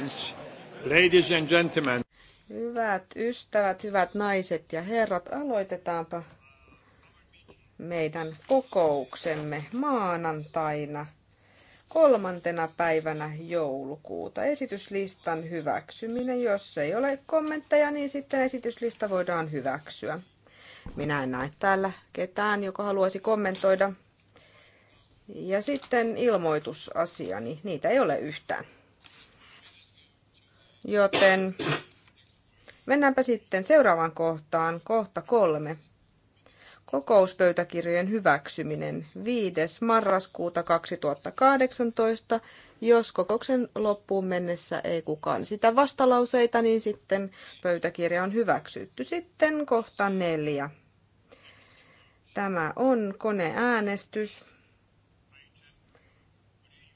friends, ladies and gentlemen. Hyvät ystävät, hyvät naiset ja herrat, aloitetaanpa meidän kokouksemme maanantaina kolmantena päivänä joulukuuta. Esityslistan hyväksyminen. Jos ei ole kommentteja, niin sitten esityslista voidaan hyväksyä. Minä en näe täällä ketään, joka haluaisi kommentoida. Ja sitten ilmoitusasiani. Niitä ei ole yhtään. Joten mennäänpä sitten seuraavaan kohtaan, kohta kolme. Kokouspöytäkirjojen hyväksyminen 5. marraskuuta 2018. Jos kokouksen loppuun mennessä ei kukaan sitä vastalauseita, niin sitten pöytäkirja on hyväksytty. Sitten kohta neljä. Tämä on koneäänestys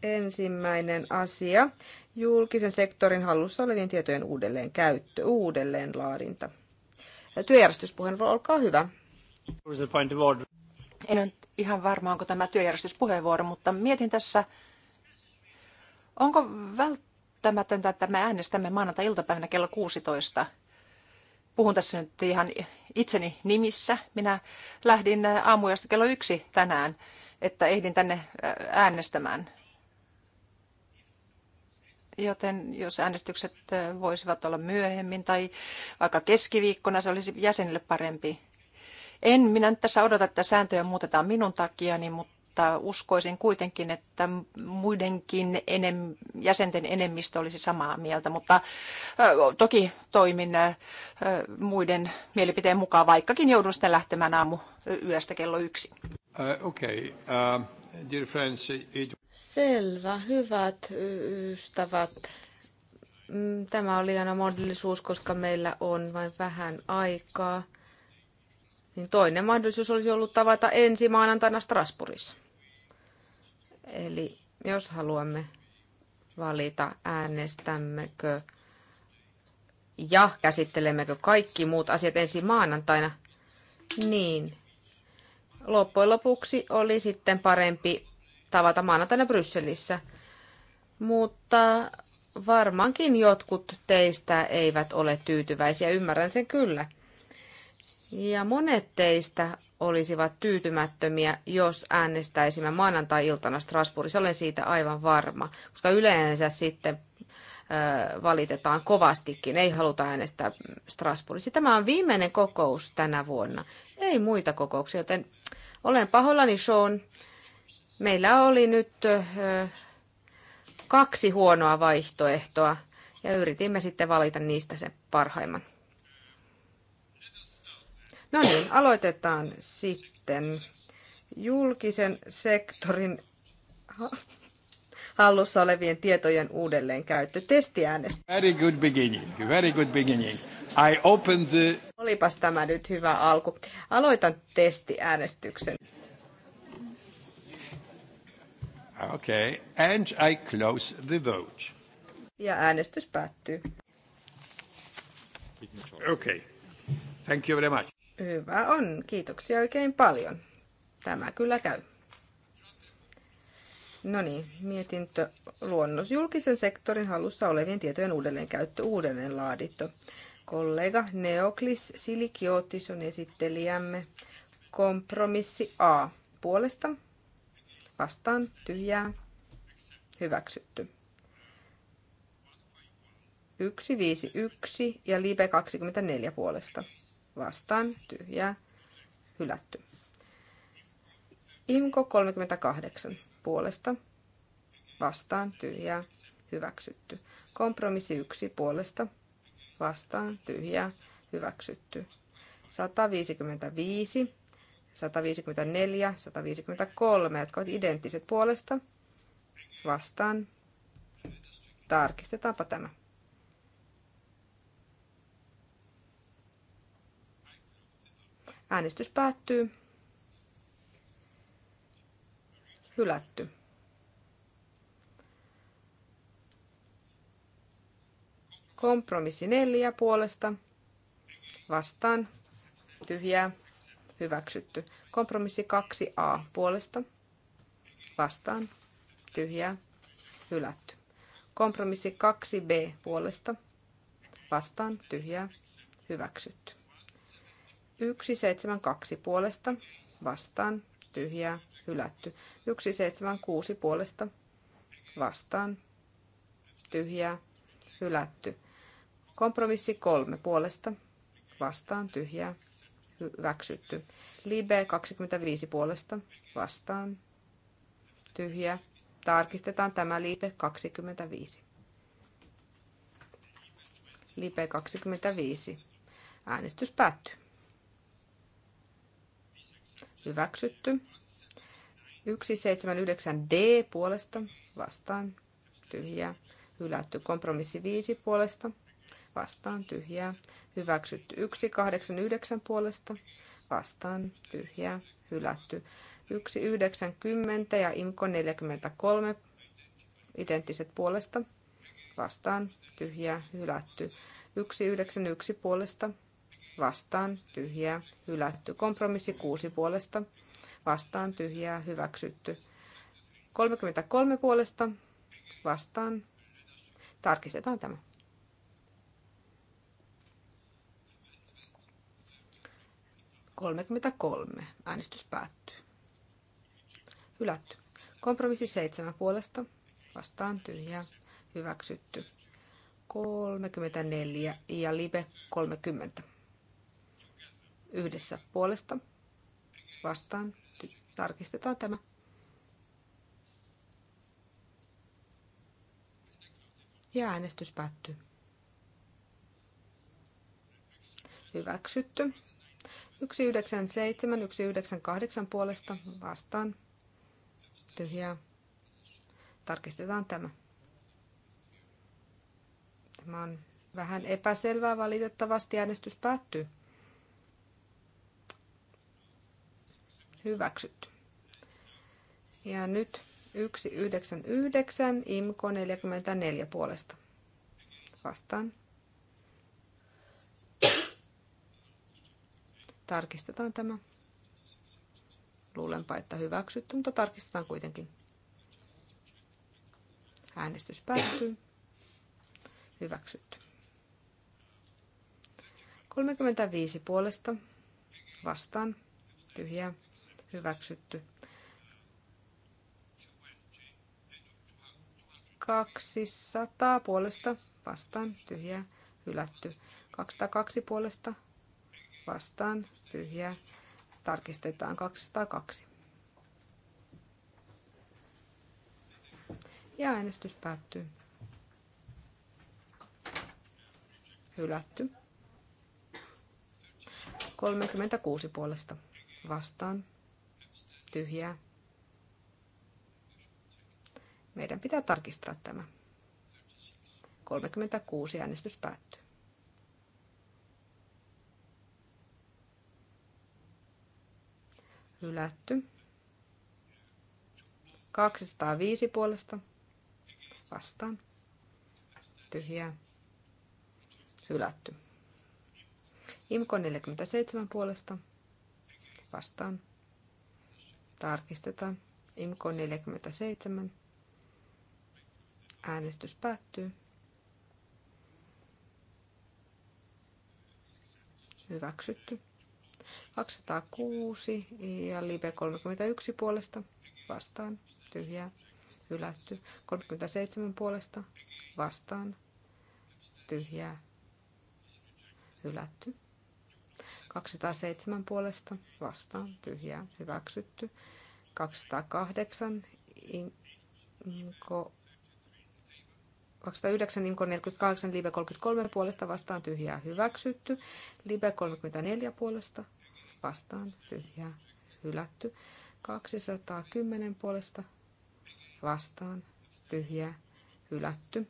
ensimmäinen asia julkisen sektorin hallussa olevien tietojen uudelleen käyttö, uudelleen laadinta. Työjärjestyspuheenvuoro, olkaa hyvä. En ole ihan varma, onko tämä työjärjestyspuheenvuoro, mutta mietin tässä, onko välttämätöntä, että me äänestämme maanantai-iltapäivänä kello 16. Puhun tässä nyt ihan itseni nimissä. Minä lähdin aamuyöstä kello yksi tänään, että ehdin tänne äänestämään joten jos äänestykset voisivat olla myöhemmin tai vaikka keskiviikkona, se olisi jäsenille parempi. En minä nyt tässä odota, että sääntöjä muutetaan minun takiani, mutta uskoisin kuitenkin, että muidenkin enem, jäsenten enemmistö olisi samaa mieltä, mutta ö, toki toimin ö, muiden mielipiteen mukaan, vaikkakin joudun sitten lähtemään aamu yöstä kello yksi. Uh, okay. uh... Selvä, hyvät ystävät. Mm, tämä oli aina mahdollisuus, koska meillä on vain vähän aikaa. Niin toinen mahdollisuus olisi ollut tavata ensi maanantaina Strasbourgissa. Eli jos haluamme valita, äänestämmekö ja käsittelemmekö kaikki muut asiat ensi maanantaina, niin loppujen lopuksi oli sitten parempi tavata maanantaina Brysselissä. Mutta varmaankin jotkut teistä eivät ole tyytyväisiä, ymmärrän sen kyllä. Ja monet teistä olisivat tyytymättömiä, jos äänestäisimme maanantai-iltana Strasbourgissa. Olen siitä aivan varma, koska yleensä sitten valitetaan kovastikin, ei haluta äänestää Strasbourgissa. Tämä on viimeinen kokous tänä vuonna ei muita kokouksia, joten olen pahoillani Sean. Meillä oli nyt kaksi huonoa vaihtoehtoa ja yritimme sitten valita niistä sen parhaimman. No niin, aloitetaan sitten julkisen sektorin hallussa olevien tietojen uudelleenkäyttö. Testiäänestys. Very good beginning. Very good beginning. I open the... Olipas tämä nyt hyvä alku. Aloitan testiäänestyksen. Okay, and I close the vote. Ja äänestys päättyy. Okay. Thank you very much. Hyvä on. Kiitoksia oikein paljon. Tämä kyllä käy. No niin, mietintö luonnos julkisen sektorin halussa olevien tietojen uudelleenkäyttö, uudelleen laadittu. Kollega Neoklis Silikiotis on esittelijämme. Kompromissi A. Puolesta. Vastaan. Tyhjää. Hyväksytty. 151 ja Libe 24 puolesta. Vastaan. Tyhjää. Hylätty. Imko 38 puolesta vastaan tyhjää hyväksytty. Kompromissi yksi puolesta vastaan tyhjää hyväksytty. 155, 154, 153, jotka ovat identtiset puolesta vastaan. Tarkistetaanpa tämä. Äänestys päättyy. hylätty. Kompromissi neljä puolesta vastaan tyhjää hyväksytty. Kompromissi 2a puolesta vastaan tyhjää hylätty. Kompromissi 2b puolesta vastaan tyhjää hyväksytty. 172 puolesta vastaan tyhjää hylätty. 176 puolesta vastaan tyhjää hylätty. Kompromissi 3 puolesta vastaan tyhjää hyväksytty. Libe 25 puolesta vastaan tyhjä. Tarkistetaan tämä libe 25. Libe 25. Äänestys päättyy. Hyväksytty. 179D puolesta vastaan tyhjää. Hylätty kompromissi 5 puolesta vastaan tyhjää. Hyväksytty 189 puolesta vastaan tyhjää. Hylätty 190 ja IMKO 43 identtiset puolesta vastaan tyhjää. Hylätty 191 puolesta vastaan tyhjää. Hylätty kompromissi 6 puolesta vastaan vastaan tyhjää hyväksytty. 33 puolesta vastaan. Tarkistetaan tämä. Kolmekymmentäkolme. Äänestys päättyy. Hylätty. Kompromissi seitsemän puolesta. Vastaan tyhjää. Hyväksytty. 34 ja Live 30. Yhdessä puolesta vastaan Tarkistetaan tämä. Ja äänestys päättyy. Hyväksytty. 197, 198 puolesta vastaan. Tyhjää. Tarkistetaan tämä. Tämä on vähän epäselvää valitettavasti. Äänestys päättyy. hyväksytty. Ja nyt 199 IMKO 44 puolesta. Vastaan. Tarkistetaan tämä. Luulenpa, että hyväksytty, mutta tarkistetaan kuitenkin. Äänestys päättyy. Hyväksytty. 35 puolesta. Vastaan. Tyhjää hyväksytty. sataa puolesta vastaan tyhjää hylätty. 202 puolesta vastaan tyhjää tarkistetaan 202. Ja äänestys päättyy. Hylätty. 36 puolesta vastaan tyhjää. Meidän pitää tarkistaa tämä. 36 äänestys päättyy. Hylätty. 205 puolesta vastaan. Tyhjää. Hylätty. Imko 47 puolesta vastaan. Tarkistetaan. Imko 47. Äänestys päättyy. Hyväksytty. 206 ja Live 31 puolesta vastaan. Tyhjää. Hylätty. 37 puolesta vastaan. Tyhjää. Hylätty. 207 puolesta vastaan tyhjää hyväksytty. 208 inko 209 Inko 48 Live 33 puolesta vastaan tyhjää hyväksytty. Live 34 puolesta vastaan tyhjää hylätty. 210 puolesta vastaan tyhjää hylätty.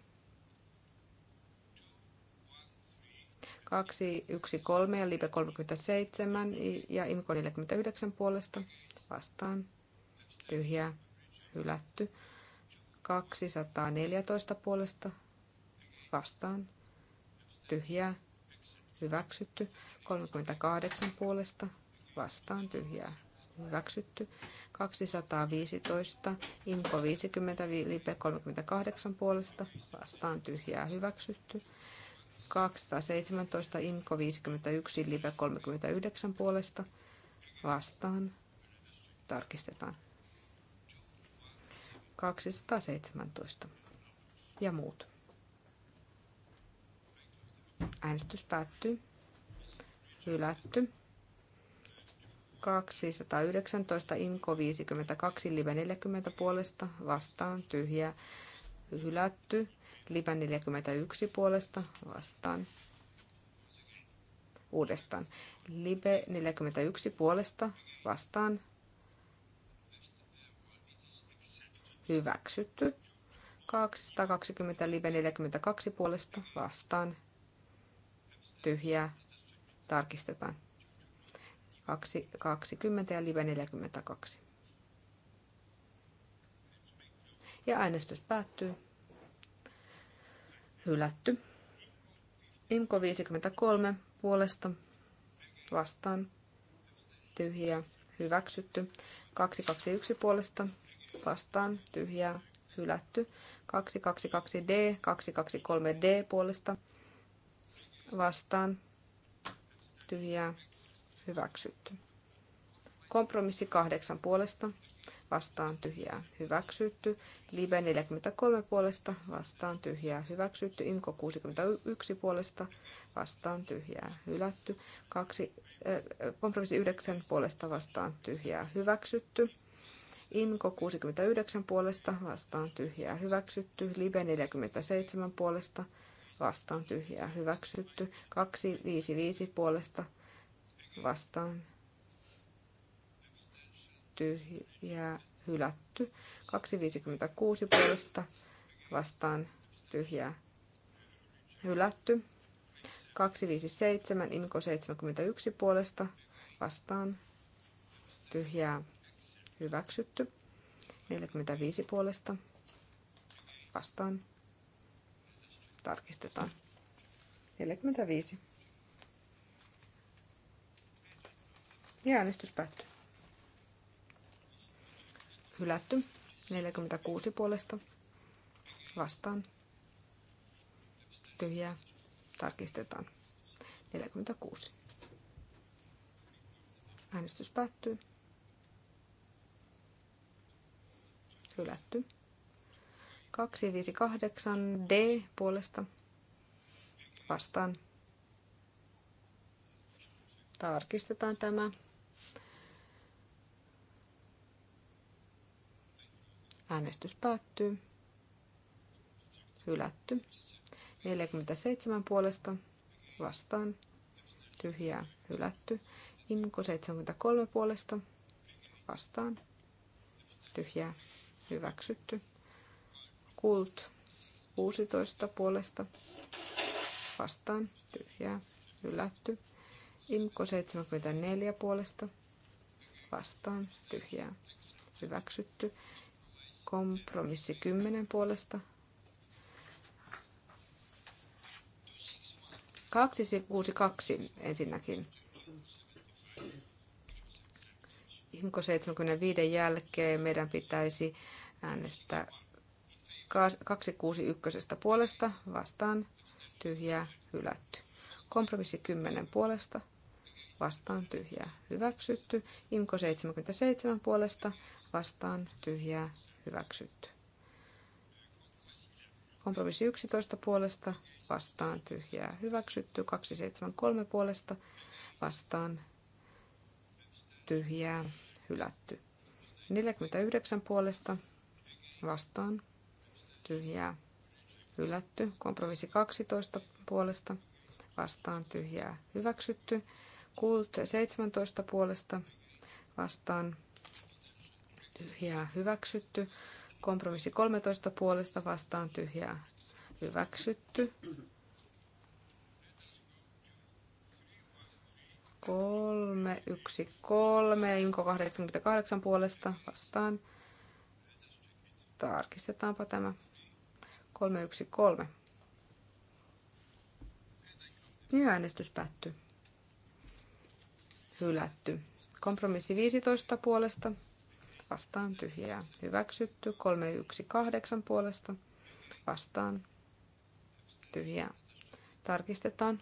213 ja Libe 37 ja IMCO 49 puolesta vastaan tyhjää hylätty. 214 puolesta vastaan tyhjää hyväksytty. 38 puolesta vastaan tyhjää hyväksytty. 215, IMCO 50, Libe 38 puolesta vastaan tyhjää hyväksytty. 217, Imko 51, Live 39 puolesta vastaan. Tarkistetaan. 217 ja muut. Äänestys päättyy. Hylätty. 219, imk 52, Live 40 puolesta vastaan, tyhjä, hylätty. Live 41 puolesta vastaan. Uudestaan. Live 41 puolesta vastaan. Hyväksytty. 220 live 42 puolesta vastaan. Tyhjää. Tarkistetaan. 20 ja live 42. Ja äänestys päättyy hylätty. Imko 53 puolesta vastaan tyhjä hyväksytty. 221 puolesta vastaan tyhjä hylätty. 222D, 223D puolesta vastaan tyhjä hyväksytty. Kompromissi 8 puolesta vastaan tyhjää hyväksytty. Libe 43 puolesta vastaan tyhjää hyväksytty. Imko 61 puolesta vastaan tyhjää hylätty. kaksi äh, kompromissi 9 puolesta vastaan tyhjää hyväksytty. Imko 69 puolesta vastaan tyhjää hyväksytty. Libe 47 puolesta vastaan tyhjää hyväksytty. 255 puolesta vastaan hylätty ja hylätty. 256 puolesta vastaan tyhjää hylätty. 257 imko 71 puolesta vastaan tyhjää hyväksytty. 45 puolesta vastaan tarkistetaan. 45. Ja äänestys päättyy. Hylätty. 46 puolesta. Vastaan. Tyhjää. Tarkistetaan. 46. Äänestys päättyy. Hylätty. 258 D puolesta. Vastaan. Tarkistetaan tämä. Äänestys päättyy. Hylätty. 47 puolesta vastaan. Tyhjää. Hylätty. Imko 73 puolesta vastaan. Tyhjää. Hyväksytty. Kult 16 puolesta vastaan. Tyhjää. Hylätty. Imko 74 puolesta vastaan. Tyhjää. Hyväksytty. Kompromissi 10 puolesta. kaksi kuusi kaksi, ensinnäkin. Imko 75 jälkeen meidän pitäisi äänestää 261 puolesta vastaan tyhjää hylätty. Kompromissi 10 puolesta vastaan tyhjää hyväksytty. Imko 77 puolesta vastaan tyhjää hyväksytty. Kompromissi 11 puolesta vastaan tyhjää hyväksytty. 273 puolesta vastaan tyhjää hylätty. 49 puolesta vastaan tyhjää hylätty. Kompromissi 12 puolesta vastaan tyhjää hyväksytty. Kult 17 puolesta vastaan tyhjää hyväksytty. Kompromissi 13 puolesta vastaan tyhjää hyväksytty. Kolme, yksi, kolme. Inko 88 puolesta vastaan. Tarkistetaanpa tämä. Kolme, yksi, kolme. Ja äänestys päättyy. Hylätty. Kompromissi 15 puolesta vastaan tyhjää. Hyväksytty 318 puolesta vastaan tyhjää. Tarkistetaan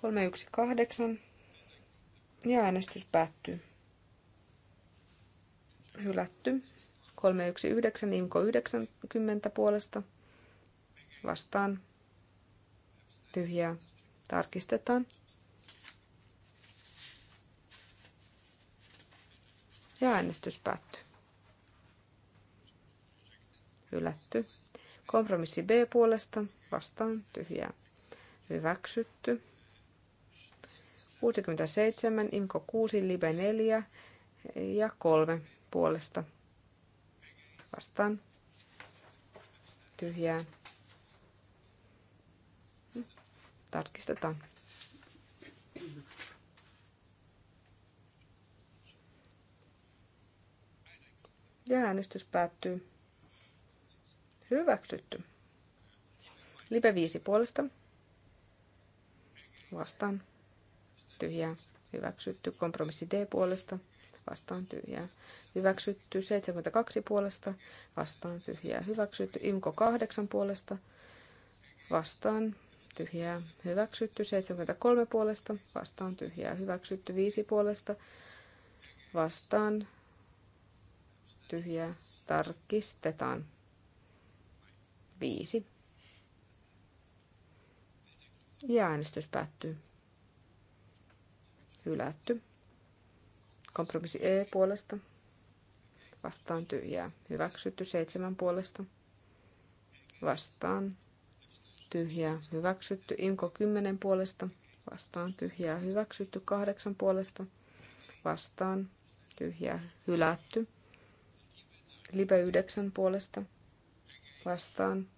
318 ja äänestys päättyy. Hylätty 319 Imko 90 puolesta vastaan tyhjää. Tarkistetaan Ja äänestys päättyy. Hylätty. Kompromissi B puolesta vastaan tyhjää. Hyväksytty. 67, Imko 6, Libe 4 ja 3 puolesta vastaan tyhjää. Tarkistetaan. Ja äänestys päättyy. Hyväksytty. Live 5 puolesta. Vastaan. Tyhjää. Hyväksytty. Kompromissi D puolesta. Vastaan tyhjää. Hyväksytty 72 puolesta. Vastaan tyhjää. Hyväksytty Imko 8 puolesta. Vastaan tyhjää. Hyväksytty 73 puolesta. Vastaan tyhjää. Hyväksytty 5 puolesta. Vastaan tyhjää tarkistetaan. Viisi. Ja äänestys päättyy. Hylätty. Kompromissi E puolesta. Vastaan tyhjää. Hyväksytty seitsemän puolesta. Vastaan tyhjää. Hyväksytty. Inko kymmenen puolesta. Vastaan tyhjää. Hyväksytty kahdeksan puolesta. Vastaan tyhjää. Hylätty. Libe 9 puolesta vastaan.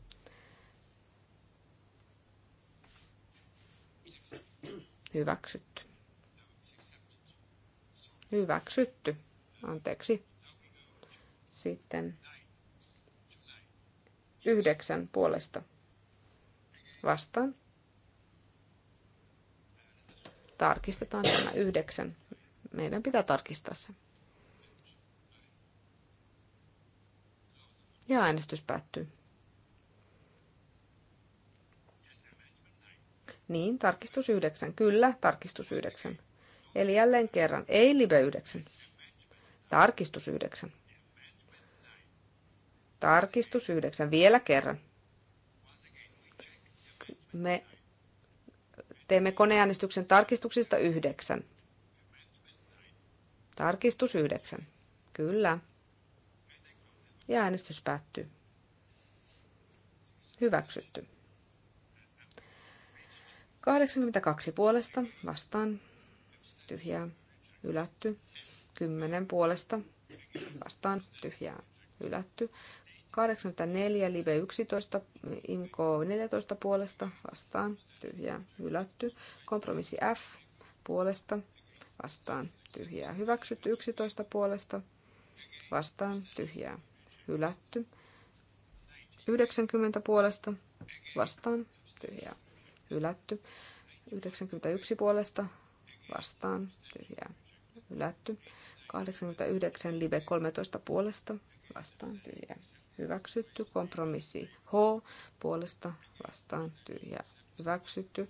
Hyväksytty. Hyväksytty. Anteeksi. Sitten yhdeksän puolesta vastaan. Tarkistetaan tämä yhdeksän. Meidän pitää tarkistaa se. Ja äänestys päättyy. Niin, tarkistus 9. Kyllä, tarkistus 9. Eli jälleen kerran, ei live 9. Tarkistus 9. Tarkistus 9. Vielä kerran. Me teemme koneäänestyksen tarkistuksista 9. Tarkistus 9. Kyllä. Ja äänestys päättyy. Hyväksytty. 82 puolesta vastaan tyhjää ylätty 10 puolesta vastaan tyhjää Ylätty. 84 live 11 imko 14 puolesta vastaan tyhjää hylätty. Kompromissi F puolesta vastaan tyhjää hyväksytty 11 puolesta vastaan tyhjää hylätty. 90 puolesta vastaan tyhjää hylätty. 91 puolesta vastaan tyhjää hylätty. 89 live 13 puolesta vastaan tyhjää hyväksytty. Kompromissi H puolesta vastaan tyhjää hyväksytty.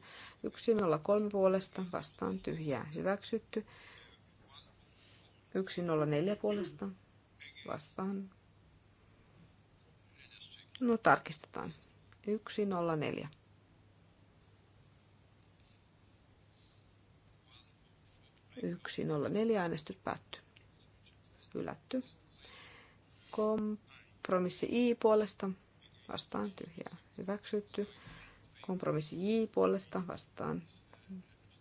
103 puolesta vastaan tyhjää hyväksytty. 104 puolesta vastaan No tarkistetaan. 104. Yksi, nolla, neljä. Äänestys päättyy. Hylätty. Kompromissi I puolesta. Vastaan tyhjää. Hyväksytty. Kompromissi J puolesta. Vastaan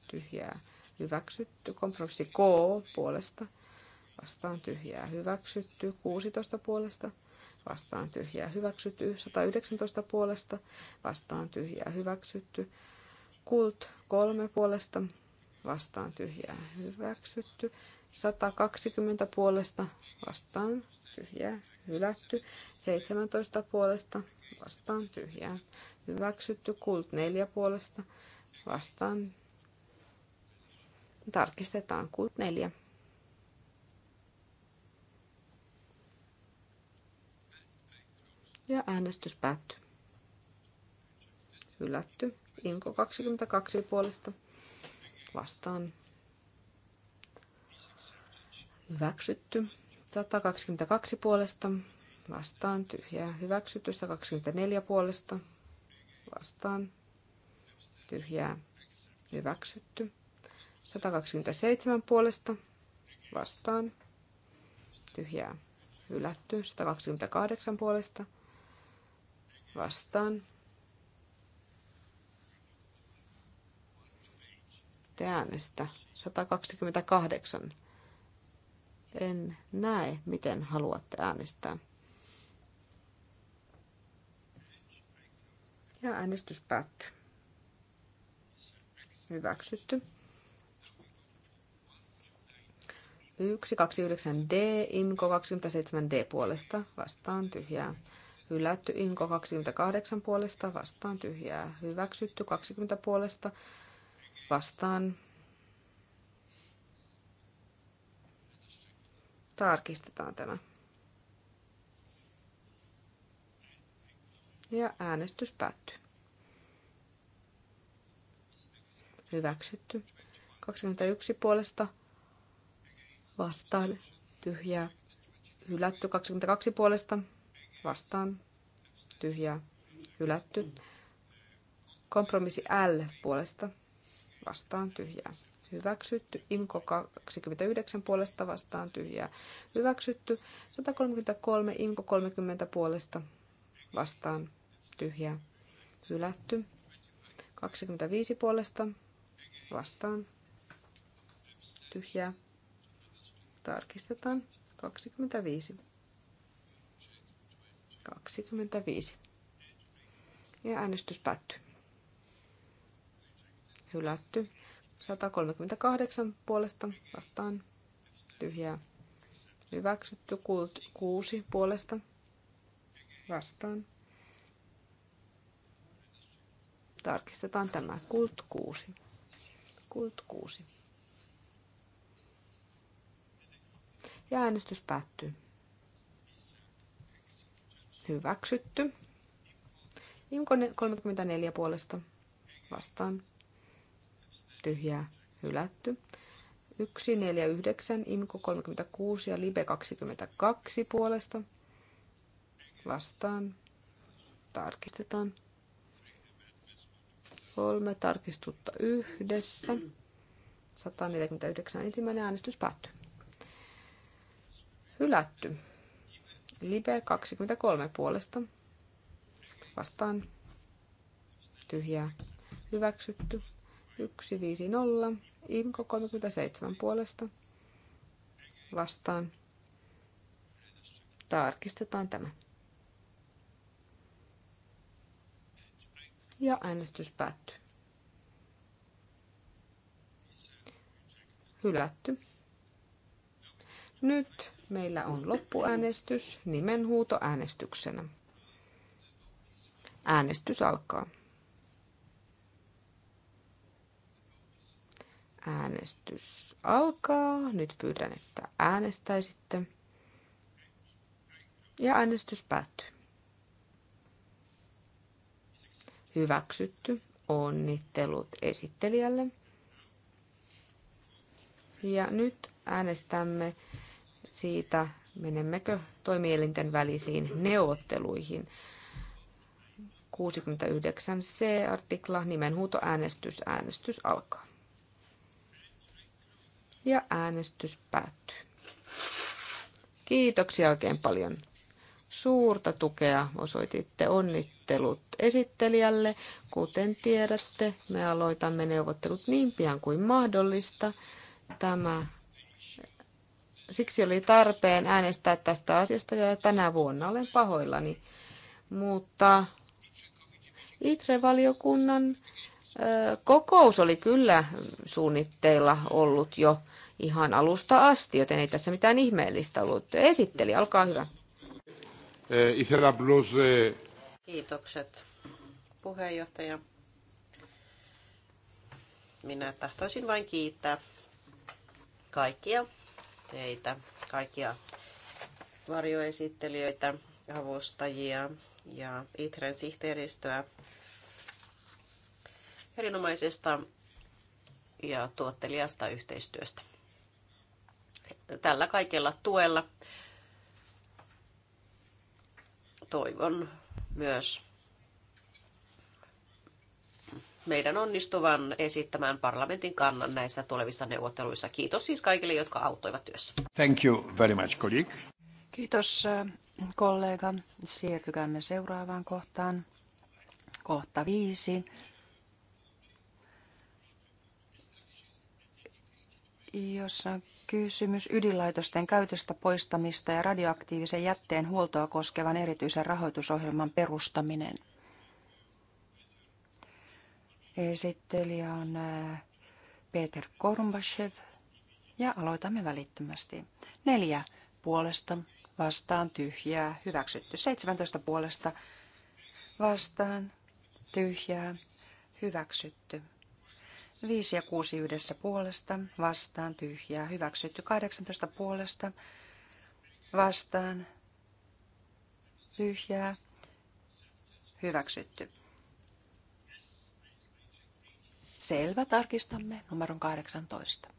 tyhjää. Hyväksytty. Kompromissi K puolesta. Vastaan tyhjää. Hyväksytty. 16 puolesta vastaan tyhjää hyväksytty, 119 puolesta vastaan tyhjää hyväksytty, kult 3 puolesta vastaan tyhjää hyväksytty, 120 puolesta vastaan tyhjää hylätty, 17 puolesta vastaan tyhjää hyväksytty, kult 4 puolesta vastaan tarkistetaan kult 4. Ja äänestys päättyy. Hylätty. Inko 22 puolesta vastaan. Hyväksytty. 122 puolesta vastaan tyhjää. Hyväksytty 124 puolesta vastaan tyhjää. Hyväksytty. 127 puolesta vastaan tyhjää. Hylätty 128 puolesta vastaan. Te äänestä 128. En näe, miten haluatte äänestää. Ja äänestys päättyy. Hyväksytty. 1, 2, 9 D, IMKO 27 D puolesta vastaan tyhjää hylätty. Imko 28 puolesta vastaan tyhjää hyväksytty. 20 puolesta vastaan tarkistetaan tämä. Ja äänestys päättyy. Hyväksytty. 21 puolesta vastaan tyhjää. Hylätty 22 puolesta vastaan tyhjä hylätty. Kompromissi L puolesta vastaan tyhjä, hyväksytty. Imko 29 puolesta vastaan tyhjä, hyväksytty. 133 Imko 30 puolesta vastaan tyhjä, hylätty. 25 puolesta vastaan tyhjä, Tarkistetaan. 25. 25. Ja äänestys päättyy. Hylätty. 138 puolesta vastaan tyhjää. Hyväksytty 6 puolesta vastaan. Tarkistetaan tämä kult 6. Kult 6. Ja äänestys päättyy. Hyväksytty. Imko 34 puolesta vastaan. Tyhjää. Hylätty. 1, 4, 9, Imko 36 ja Libe 22 puolesta vastaan. Tarkistetaan. Kolme tarkistutta yhdessä. 149 ensimmäinen äänestys päättyy. Hylätty. Libe 23 puolesta. Vastaan tyhjää. Hyväksytty. 150. Imko 37 puolesta. Vastaan. Tarkistetaan tämä. Ja äänestys päättyy. Hylätty. Nyt Meillä on loppuäänestys nimenhuutoäänestyksenä. Äänestys alkaa. Äänestys alkaa. Nyt pyydän, että äänestäisitte. Ja äänestys päättyy. Hyväksytty. Onnittelut esittelijälle. Ja nyt äänestämme siitä, menemmekö toimielinten välisiin neuvotteluihin. 69c artikla, äänestys, äänestys alkaa. Ja äänestys päättyy. Kiitoksia oikein paljon. Suurta tukea osoititte onnittelut esittelijälle. Kuten tiedätte, me aloitamme neuvottelut niin pian kuin mahdollista. Tämä siksi oli tarpeen äänestää tästä asiasta vielä tänä vuonna. Olen pahoillani. Mutta ITRE-valiokunnan kokous oli kyllä suunnitteilla ollut jo ihan alusta asti, joten ei tässä mitään ihmeellistä ollut. Esitteli, olkaa hyvä. E, e- Kiitokset puheenjohtaja. Minä tahtoisin vain kiittää kaikkia teitä, kaikkia varjoesittelijöitä, avustajia ja ITREN sihteeristöä erinomaisesta ja tuottelijasta yhteistyöstä. Tällä kaikella tuella toivon myös meidän onnistuvan esittämään parlamentin kannan näissä tulevissa neuvotteluissa. Kiitos siis kaikille, jotka auttoivat työssä. Thank you very much, colleague. Kiitos äh, kollega. Siirtykäämme seuraavaan kohtaan. Kohta viisi. jossa on kysymys ydinlaitosten käytöstä poistamista ja radioaktiivisen jätteen huoltoa koskevan erityisen rahoitusohjelman perustaminen. Esittelijä on äh, Peter Kormbashev ja aloitamme välittömästi. Neljä puolesta vastaan tyhjää hyväksytty. 17 puolesta vastaan tyhjää hyväksytty. 5 ja 6 yhdessä puolesta vastaan tyhjää hyväksytty. 18 puolesta vastaan tyhjää hyväksytty. Selvä, tarkistamme numeron 18.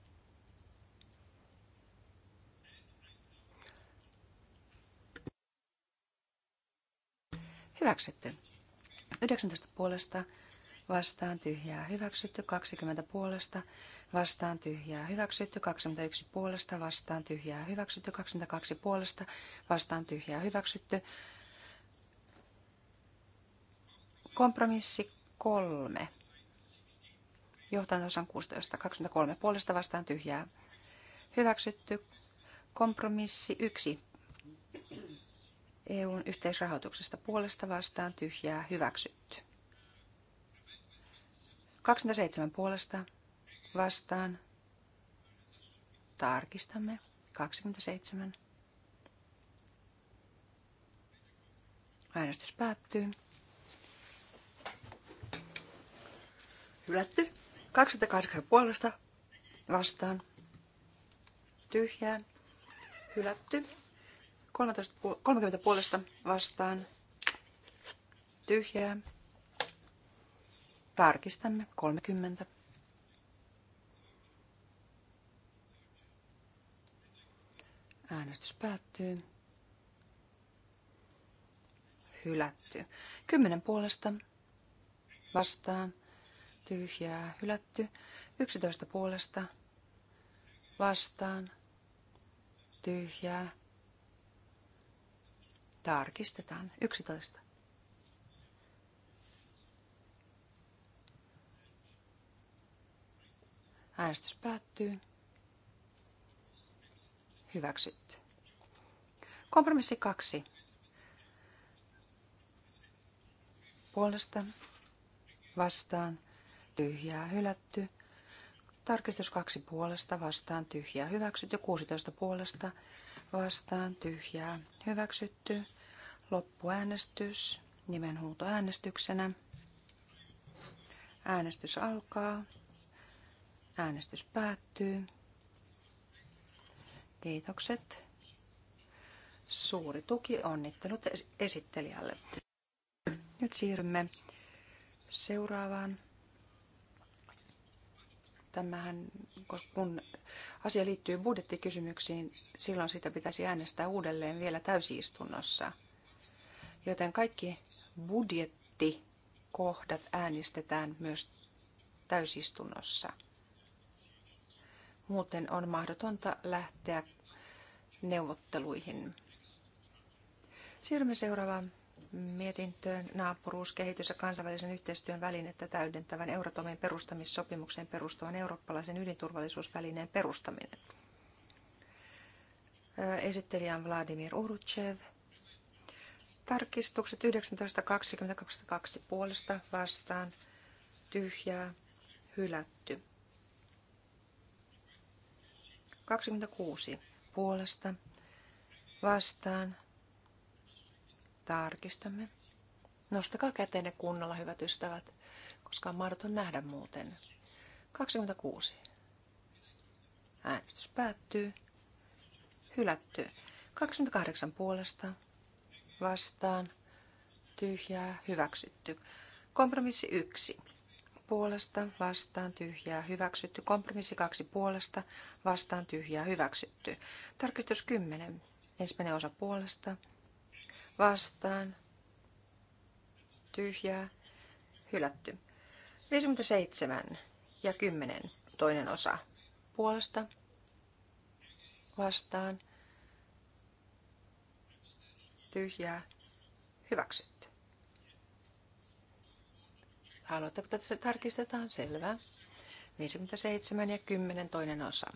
Hyväksytty. 19 puolesta vastaan tyhjää hyväksytty, 20 puolesta vastaan tyhjää hyväksytty, 21 puolesta vastaan tyhjää hyväksytty, 22 puolesta vastaan tyhjää hyväksytty. Kompromissi kolme johdantosan 16, 23 puolesta vastaan tyhjää. Hyväksytty kompromissi 1 EUn yhteisrahoituksesta puolesta vastaan tyhjää hyväksytty. 27 puolesta vastaan. Tarkistamme. 27. Äänestys päättyy. Hylätty. 28 puolesta vastaan. Tyhjää. Hylätty. 13, 30 puolesta vastaan. Tyhjää. Tarkistamme 30. Äänestys päättyy. Hylätty. 10 puolesta vastaan tyhjää hylätty. 11 puolesta vastaan tyhjää. Tarkistetaan. 11. Äänestys päättyy. Hyväksytty. Kompromissi kaksi. Puolesta, vastaan, tyhjää hylätty. Tarkistus kaksi puolesta vastaan tyhjää hyväksytty. 16 puolesta vastaan tyhjää hyväksytty. Loppuäänestys nimenhuutoäänestyksenä. Äänestys alkaa. Äänestys päättyy. Kiitokset. Suuri tuki onnittelut esittelijälle. Nyt siirrymme seuraavaan tämähän, kun asia liittyy budjettikysymyksiin, silloin sitä pitäisi äänestää uudelleen vielä täysistunnossa. Joten kaikki budjettikohdat äänestetään myös täysistunnossa. Muuten on mahdotonta lähteä neuvotteluihin. Siirrymme seuraavaan mietintöön naapuruus, kehitys ja kansainvälisen yhteistyön välinettä täydentävän Euratomin perustamissopimukseen perustuvan eurooppalaisen ydinturvallisuusvälineen perustaminen. Esittelijä on Vladimir Urutsev. Tarkistukset 19.22 puolesta vastaan tyhjää hylätty. 26 puolesta vastaan Tarkistamme. Nostakaa käteenne kunnolla, hyvät ystävät, koska on mahdoton nähdä muuten. 26. Äänestys päättyy. Hylätty. 28 puolesta. Vastaan. Tyhjää. Hyväksytty. Kompromissi 1 puolesta, vastaan tyhjää, hyväksytty. Kompromissi 2 puolesta, vastaan tyhjää, hyväksytty. Tarkistus 10. Ensimmäinen osa puolesta, vastaan, tyhjää, hylätty. 57 ja 10 toinen osa puolesta, vastaan, tyhjää, hyväksytty. Haluatteko, että se tarkistetaan? Selvä. 57 ja 10 toinen osa.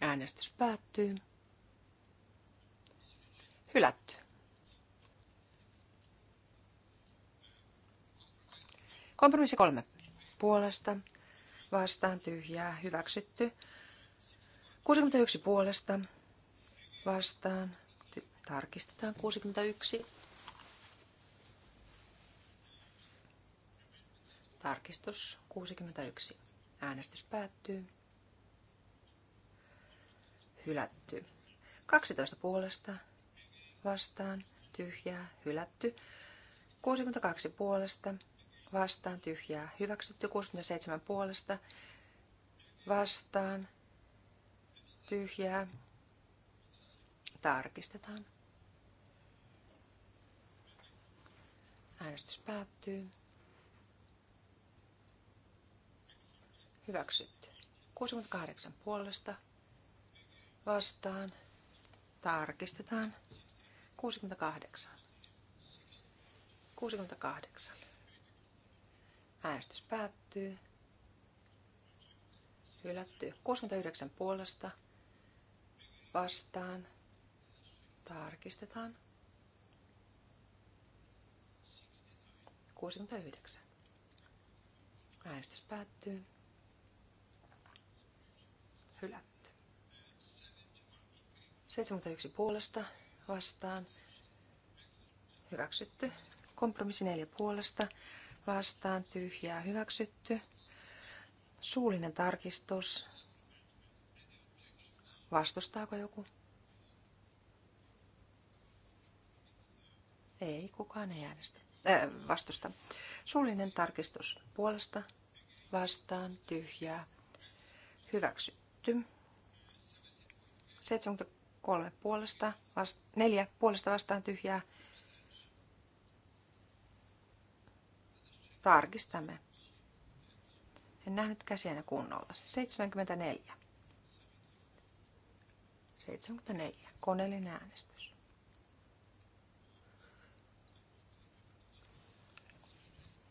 Äänestys päättyy. Hylätty. Kompromissi kolme. Puolesta, vastaan, tyhjää, hyväksytty. 61 puolesta, vastaan, tarkistetaan 61. Tarkistus 61. Äänestys päättyy. Hylätty. 12 puolesta, vastaan tyhjää hylätty. 62 puolesta vastaan tyhjää hyväksytty. 67 puolesta vastaan tyhjää tarkistetaan. Äänestys päättyy. Hyväksytty. 68 puolesta vastaan. Tarkistetaan. 68. 68. Äänestys päättyy. Hylätty. 69 puolesta. Vastaan. Tarkistetaan. 69. Äänestys päättyy. Hylätty. 71 puolesta vastaan hyväksytty. Kompromissi neljä puolesta vastaan tyhjää hyväksytty. Suullinen tarkistus. Vastustaako joku? Ei, kukaan ei äänestä. Äh, vastusta. Suullinen tarkistus puolesta vastaan tyhjää hyväksytty. 71 kolme puolesta, vast, neljä puolesta vastaan tyhjää. Tarkistamme. En nähnyt käsiänä kunnolla. 74. 74. Koneellinen äänestys.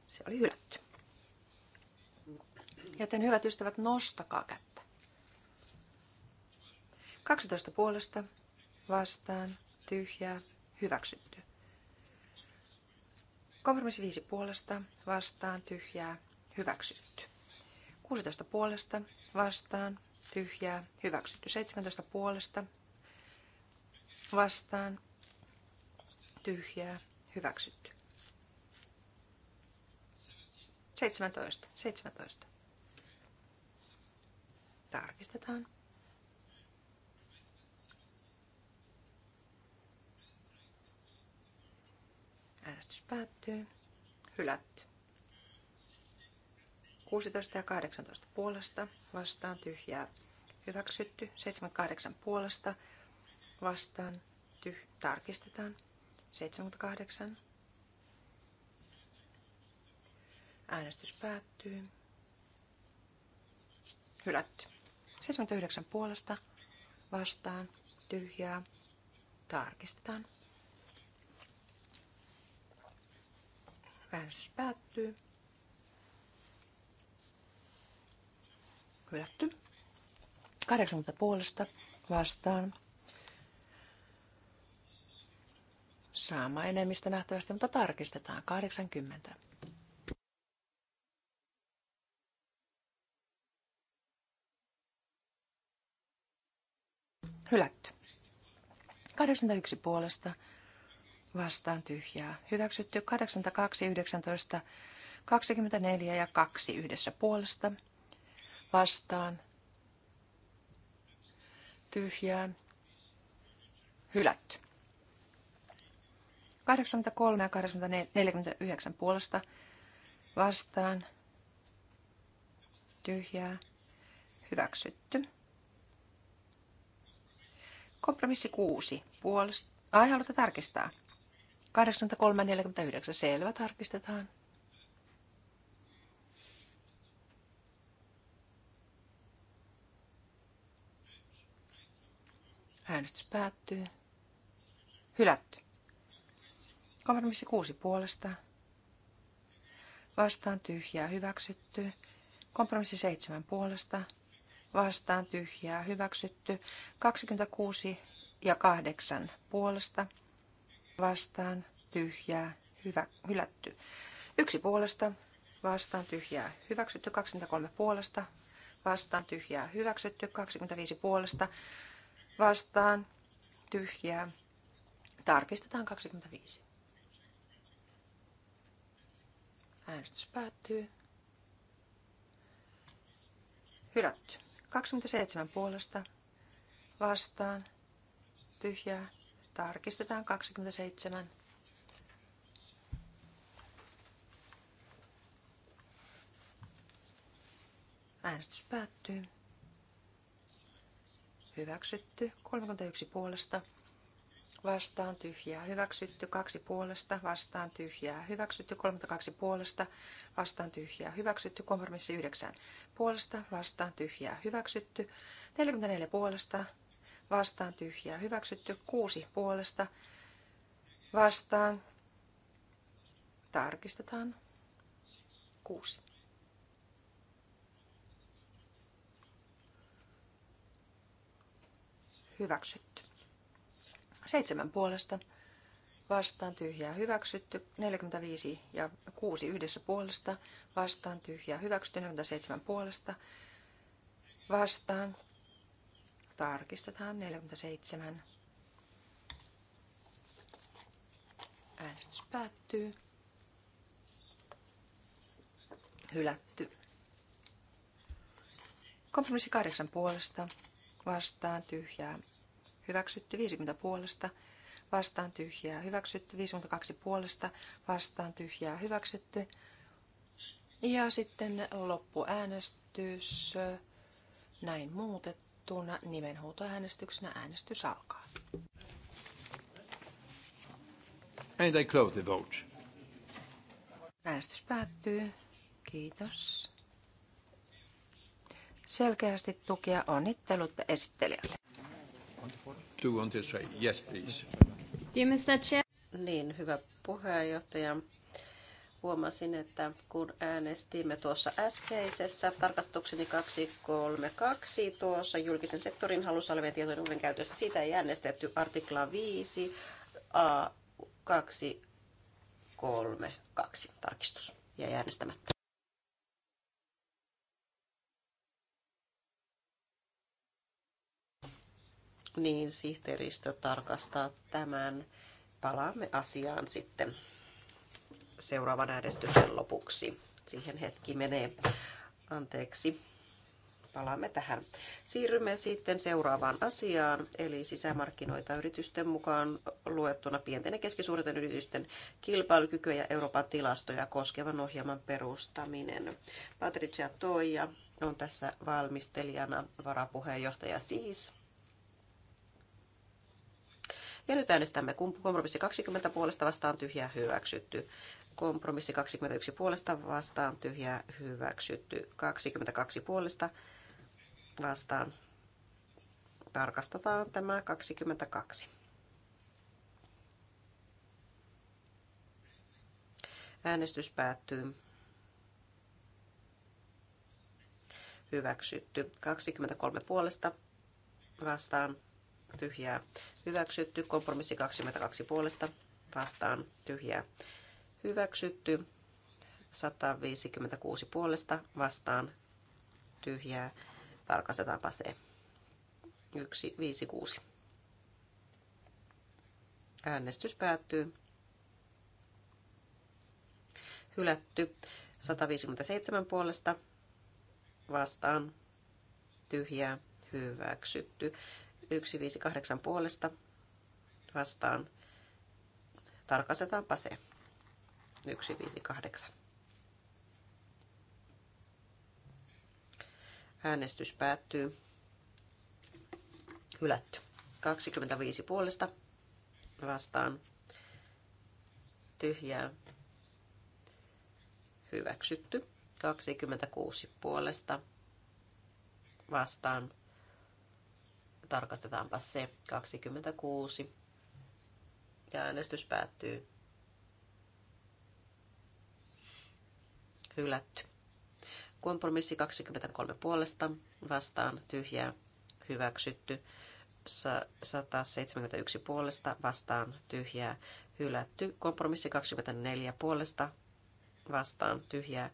Se oli hylätty. Joten hyvät ystävät, nostakaa kättä. 12 puolesta vastaan tyhjää hyväksytty. Kompromissi 5 puolesta vastaan tyhjää hyväksytty. 16 puolesta vastaan tyhjää hyväksytty. 17 puolesta vastaan tyhjää hyväksytty. 17. 17. Tarkistetaan. Äänestys päättyy. Hylätty. 16 ja 18 puolesta vastaan tyhjää. Hyväksytty. 78 puolesta vastaan tyh- tarkistetaan. 78. Äänestys päättyy. Hylätty. 79 puolesta vastaan tyhjää. Tarkistetaan. Äänestys päättyy. Hylätty. 80 puolesta vastaan. Sama enemmistö nähtävästi, mutta tarkistetaan. 80. Hylätty. 81 puolesta vastaan tyhjää. Hyväksytty 82, 19, 24 ja 2 yhdessä puolesta vastaan tyhjää. Hylätty. 83 ja 49 puolesta vastaan tyhjää. Hyväksytty. Kompromissi 6 puolesta. Ai, haluatte tarkistaa? 83.49 selvä tarkistetaan. Äänestys päättyy. Hylätty. Kompromissi kuusi puolesta. Vastaan tyhjää hyväksytty. Kompromissi seitsemän puolesta. Vastaan tyhjää hyväksytty. 26 ja 8 puolesta vastaan tyhjää hyvä, hylätty. Yksi puolesta vastaan tyhjää hyväksytty, 23 puolesta vastaan tyhjää hyväksytty, 25 puolesta vastaan tyhjää. Tarkistetaan 25. Äänestys päättyy. Hylätty. 27 puolesta vastaan tyhjää Tarkistetaan 27. Äänestys päättyy. Hyväksytty 31 puolesta. Vastaan tyhjää. Hyväksytty 2 puolesta. Vastaan tyhjää. Hyväksytty 32 puolesta. Vastaan tyhjää. Hyväksytty kompromissi 9 puolesta. Vastaan tyhjää. Hyväksytty 44 puolesta vastaan tyhjää hyväksytty. Kuusi puolesta vastaan. Tarkistetaan. Kuusi. Hyväksytty. Seitsemän puolesta vastaan tyhjää hyväksytty, 45 ja 6 yhdessä puolesta, vastaan tyhjää hyväksytty, 47 puolesta, vastaan Tarkistetaan 47. Äänestys päättyy. Hylätty. Kompromissi 8 puolesta. Vastaan tyhjää. Hyväksytty 50 puolesta vastaan tyhjää, hyväksytty, 52 puolesta, vastaan tyhjää, hyväksytty. Ja sitten loppuäänestys, näin muutettu tuttuuna nimenhuutoäänestyksenä äänestys alkaa. And I close the vote. Äänestys päättyy. Kiitos. Selkeästi tukea onnittelut esittelijälle. Do you want to say yes, please? Dear Mr. Chair. Niin, hyvä puheenjohtaja huomasin, että kun äänestimme tuossa äskeisessä tarkastukseni 232 tuossa julkisen sektorin halussa olevien tietojen uuden käytössä, siitä ei äänestetty artikla 5 a 232 tarkistus ja äänestämättä. Niin, sihteeristö tarkastaa tämän. Palaamme asiaan sitten seuraavan äänestyksen lopuksi. Siihen hetki menee. Anteeksi. Palaamme tähän. Siirrymme sitten seuraavaan asiaan, eli sisämarkkinoita yritysten mukaan luettuna pienten ja keskisuurten yritysten kilpailukykyä ja Euroopan tilastoja koskevan ohjelman perustaminen. Patricia Toija on tässä valmistelijana, varapuheenjohtaja siis. Ja nyt äänestämme kompromissi 20 puolesta vastaan tyhjää hyväksytty. Kompromissi 21 puolesta vastaan tyhjää hyväksytty. 22 puolesta vastaan. Tarkastetaan tämä 22. Äänestys päättyy. Hyväksytty. 23 puolesta vastaan tyhjää. Hyväksytty. Kompromissi 22 puolesta vastaan tyhjää hyväksytty. 156 puolesta vastaan tyhjää. Tarkastetaanpa se. 156. Äänestys päättyy. Hylätty. 157 puolesta vastaan tyhjää. Hyväksytty. 158 puolesta vastaan. Tarkastetaanpa se. 158. Äänestys päättyy. Hylätty. 25 puolesta vastaan tyhjää. Hyväksytty. 26 puolesta vastaan. Tarkastetaanpa se. 26. Ja äänestys päättyy. hylätty. Kompromissi 23 puolesta vastaan tyhjää hyväksytty. 171 puolesta vastaan tyhjää hylätty. Kompromissi 24 puolesta vastaan tyhjää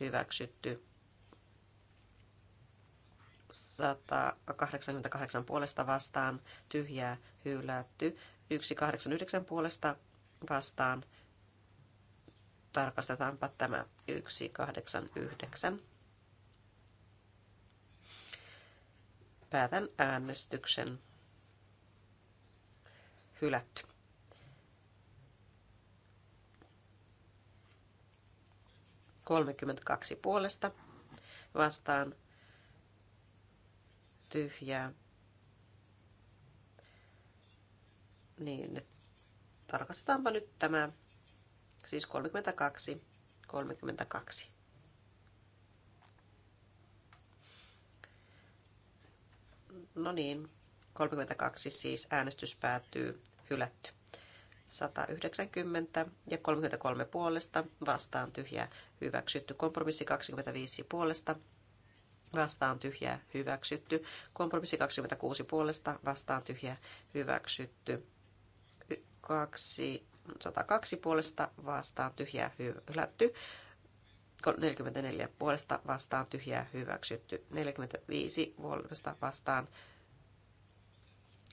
hyväksytty. 188 puolesta vastaan tyhjää hylätty. 189 puolesta vastaan tarkastetaanpa tämä 189. Päätän äänestyksen. Hylätty. Kolmekymmentäkaksi puolesta vastaan tyhjää. Niin, tarkastetaanpa nyt tämä Siis 32. 32. No niin, 32 siis äänestys päättyy hylätty. 190 ja 33 puolesta vastaan tyhjää hyväksytty. Kompromissi 25 puolesta vastaan tyhjää hyväksytty. Kompromissi 26 puolesta vastaan tyhjää hyväksytty. 2 102 puolesta vastaan tyhjää hylätty. 44 puolesta vastaan tyhjää hyväksytty. 45 puolesta vastaan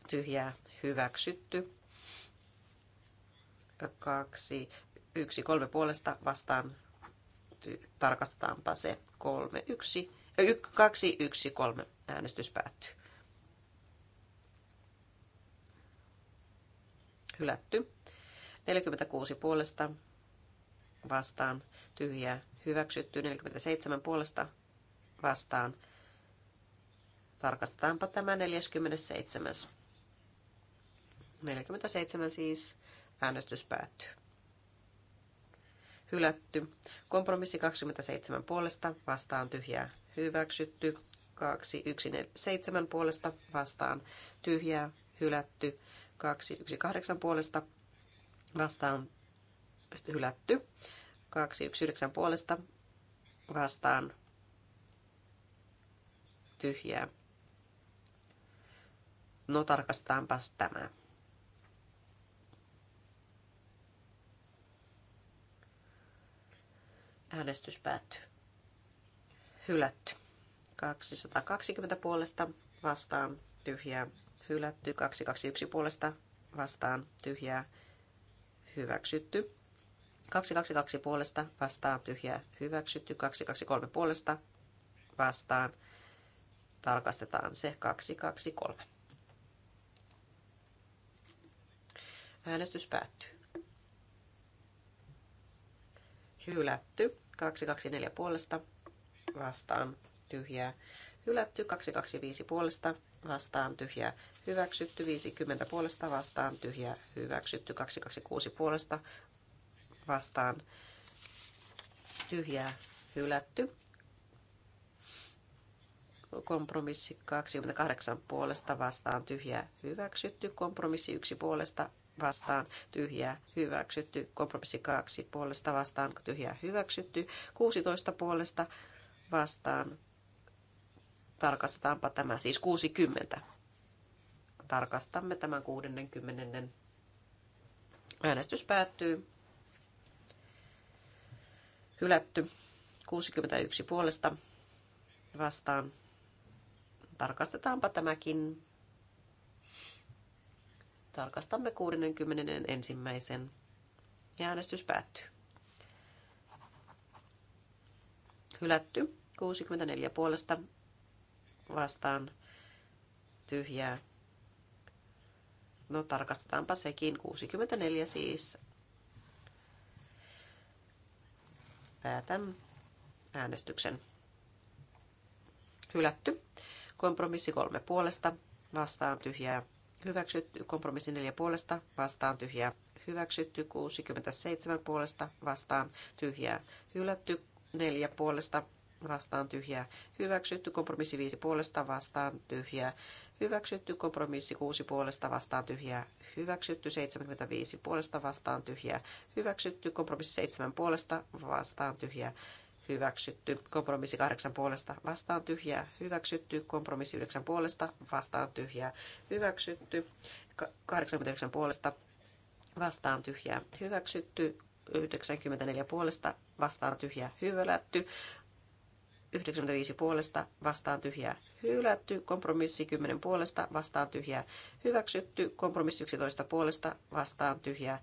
tyhjää hyväksytty. 2, 1, 3 puolesta vastaan ty- tarkastetaanpa se 3, 1, 2, 1, 3 äänestys päättyy. Hylätty. 46 puolesta vastaan tyhjää hyväksytty. 47 puolesta vastaan. Tarkastetaanpa tämä 47. 47 siis äänestys päättyy. Hylätty. Kompromissi 27 puolesta vastaan tyhjää hyväksytty. 217 puolesta vastaan tyhjää hylätty. 218 puolesta vastaan hylätty. 219 puolesta vastaan tyhjää. No tarkastaanpas tämä. Äänestys päättyy. Hylätty. 220 puolesta vastaan tyhjää. Hylätty. 221 puolesta vastaan tyhjää hyväksytty. 222 puolesta vastaan tyhjää hyväksytty. 223 puolesta vastaan tarkastetaan se 223. Äänestys päättyy. Hylätty. 224 puolesta vastaan tyhjää hylätty, 225 puolesta vastaan tyhjää hyväksytty, 50 puolesta vastaan tyhjää hyväksytty, 226 puolesta vastaan tyhjää hylätty. Kompromissi 28 puolesta vastaan tyhjää hyväksytty, kompromissi 1 puolesta vastaan tyhjää hyväksytty, kompromissi 2 puolesta vastaan tyhjää hyväksytty, 16 puolesta vastaan tarkastetaanpa tämä, siis 60. Tarkastamme tämän 60. Äänestys päättyy. Hylätty 61 puolesta vastaan. Tarkastetaanpa tämäkin. Tarkastamme ensimmäisen. Ja äänestys päättyy. Hylätty 64 puolesta vastaan tyhjää. No tarkastetaanpa sekin. 64 siis. Päätän äänestyksen. Hylätty. Kompromissi kolme puolesta vastaan tyhjää. Hyväksytty. Kompromissi neljä puolesta vastaan tyhjää. Hyväksytty. 67 puolesta vastaan tyhjää. Hylätty. neljä puolesta vastaan tyhjää hyväksytty, kompromissi 5 puolesta vastaan tyhjää hyväksytty, kompromissi 6 puolesta vastaan tyhjää hyväksytty, 75 puolesta vastaan tyhjää hyväksytty, kompromissi 7 puolesta vastaan tyhjää hyväksytty, kompromissi 8 puolesta vastaan tyhjää hyväksytty, kompromissi 9 puolesta vastaan tyhjää hyväksytty, 89 puolesta vastaan tyhjää hyväksytty, 94 puolesta vastaan tyhjää Hyvälätty 95 puolesta vastaan tyhjää hylätty, kompromissi 10 puolesta vastaan tyhjää hyväksytty, kompromissi 11 puolesta vastaan tyhjää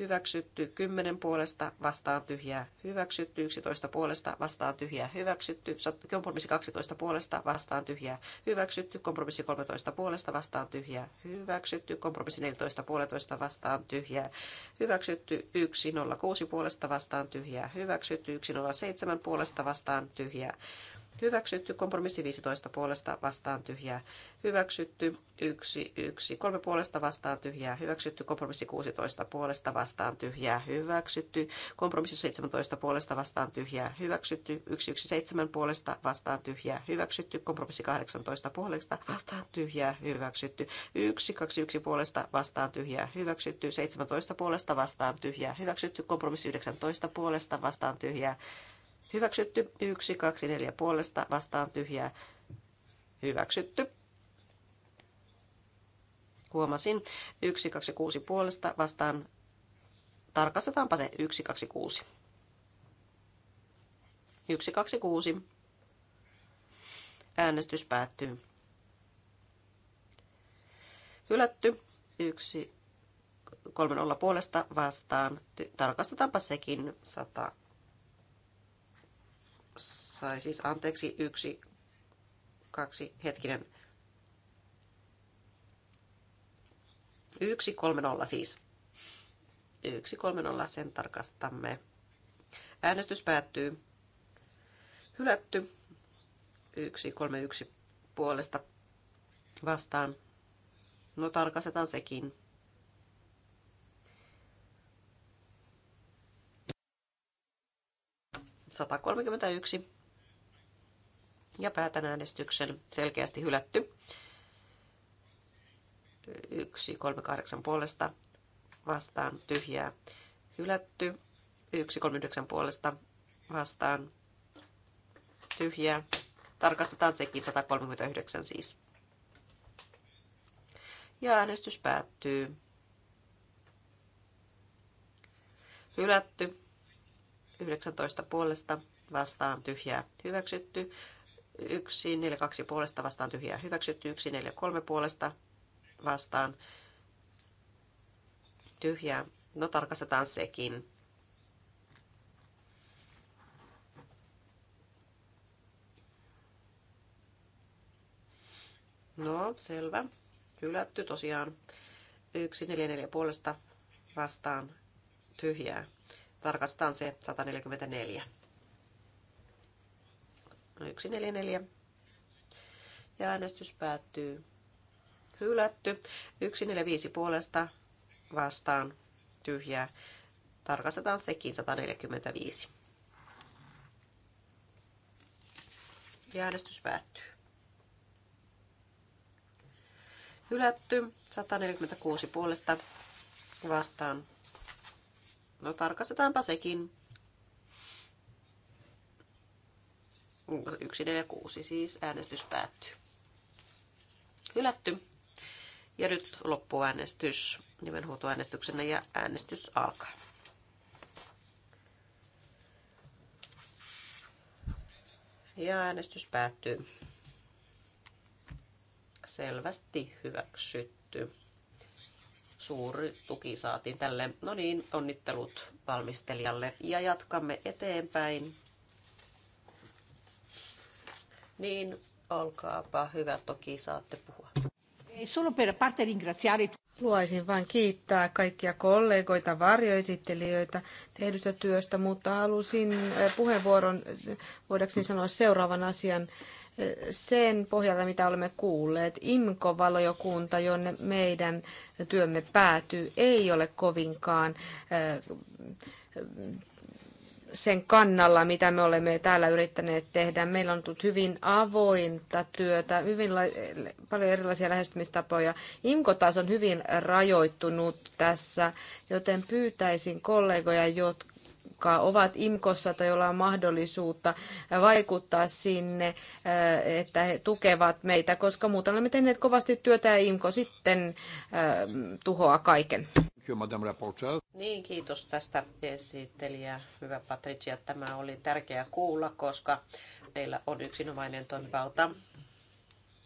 hyväksytty, 10 puolesta vastaan tyhjää hyväksytty, 11 puolesta vastaan tyhjää hyväksytty, kompromissi 12 puolesta vastaan tyhjää hyväksytty, kompromissi 13 puolesta vastaan tyhjää hyväksytty, kompromissi 14 puolesta vastaan tyhjää hyväksytty, 106 puolesta vastaan tyhjää hyväksytty, 107 puolesta vastaan tyhjää hyväksytty. Kompromissi 15 puolesta vastaan tyhjää hyväksytty. 1, 1, 3 puolesta vastaan tyhjää hyväksytty. Kompromissi 16 puolesta vastaan tyhjää hyväksytty. Kompromissi 17 puolesta vastaan tyhjää hyväksytty. 1, 1, 7 puolesta vastaan tyhjää hyväksytty. Kompromissi 18 puolesta vastaan tyhjää hyväksytty. 1, 2, 1 puolesta vastaan tyhjää hyväksytty. 17 puolesta vastaan tyhjää hyväksytty. Kompromissi 19 puolesta vastaan tyhjää Hyväksytty 1, 2, 4 puolesta vastaan tyhjää. Hyväksytty. Huomasin 1, 2, 6 puolesta vastaan. Tarkastetaanpa se 1, 2, 6. 1, 2, 6. Äänestys päättyy. Hylätty. 1, kolmen olla puolesta vastaan. Tarkastetaanpa sekin 100 sai siis anteeksi yksi, kaksi, hetkinen. Yksi, kolme, nolla siis. Yksi, kolme, nolla, sen tarkastamme. Äänestys päättyy. Hylätty. Yksi, kolme, yksi puolesta vastaan. No tarkastetaan sekin. Sata kolmekymmentä yksi ja päätän äänestyksen selkeästi hylätty. 1, 3, 8 puolesta vastaan tyhjää hylätty. 1, 3, 9 puolesta vastaan tyhjää. Tarkastetaan sekin 139 siis. Ja äänestys päättyy. Hylätty. 19 puolesta vastaan tyhjää hyväksytty. 1, 4, 2 puolesta vastaan tyhjää hyväksytty, 1, 4, 3 puolesta vastaan tyhjää. No tarkastetaan sekin. No, selvä. Hylätty tosiaan. neljä puolesta vastaan tyhjää. Tarkastetaan se 144. 144. Ja äänestys päättyy. Hylätty. 145 puolesta vastaan tyhjää. Tarkastetaan sekin 145. Ja äänestys päättyy. Hylätty. 146 puolesta vastaan. No tarkastetaanpa sekin. 146 siis äänestys päättyy. Hylätty. Ja nyt loppuäänestys nimenhuutoäänestyksenä ja äänestys alkaa. Ja äänestys päättyy. Selvästi hyväksytty. Suuri tuki saatiin tälle. No niin, onnittelut valmistelijalle. Ja jatkamme eteenpäin niin olkaapa hyvä, toki saatte puhua. Eh, solo per parte ringraziare Haluaisin vain kiittää kaikkia kollegoita, varjoesittelijöitä tehdystä työstä, mutta halusin eh, puheenvuoron eh, voidakseni sanoa seuraavan asian sen pohjalta, mitä olemme kuulleet. IMKO-valojokunta, jonne meidän työmme päätyy, ei ole kovinkaan sen kannalla, mitä me olemme täällä yrittäneet tehdä. Meillä on tullut hyvin avointa työtä, hyvin paljon erilaisia lähestymistapoja. IMKO taas on hyvin rajoittunut tässä, joten pyytäisin kollegoja, jotka ovat IMKossa tai joilla on mahdollisuutta vaikuttaa sinne, eh, että he tukevat meitä, koska muuten olemme tehneet kovasti työtä ja IMKO sitten eh, tuhoaa kaiken you, Madame Rapporteur. Niin, kiitos tästä esittelijä, hyvä Patricia. Tämä oli tärkeää kuulla, koska meillä on yksinomainen toimivalta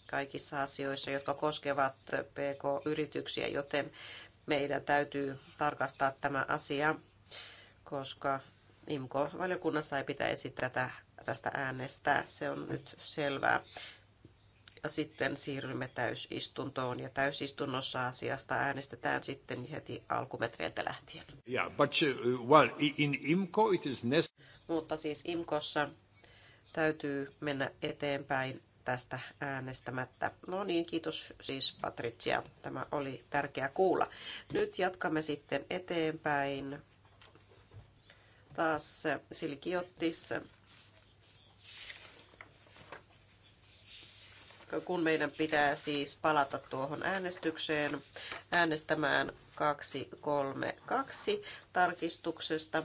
kaikissa asioissa, jotka koskevat PK-yrityksiä, joten meidän täytyy tarkastaa tämä asia, koska IMKO-valiokunnassa ei pitäisi tätä, tästä äänestää. Se on nyt selvää ja sitten siirrymme täysistuntoon ja täysistunnossa asiasta äänestetään sitten heti alkumetreiltä lähtien. Yeah, but, uh, well, in IMCO it is nest- Mutta siis IMKossa täytyy mennä eteenpäin tästä äänestämättä. No niin, kiitos siis Patricia. Tämä oli tärkeä kuulla. Nyt jatkamme sitten eteenpäin. Taas Silkiottis kun meidän pitää siis palata tuohon äänestykseen äänestämään 232 tarkistuksesta.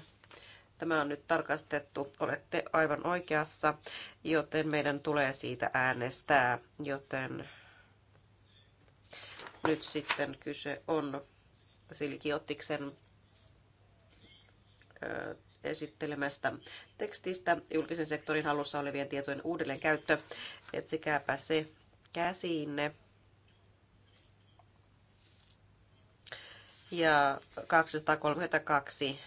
Tämä on nyt tarkastettu, olette aivan oikeassa, joten meidän tulee siitä äänestää, joten nyt sitten kyse on Silkiottiksen esittelemästä tekstistä julkisen sektorin hallussa olevien tietojen uudelleenkäyttö. Etsikääpä se käsiinne. Ja 232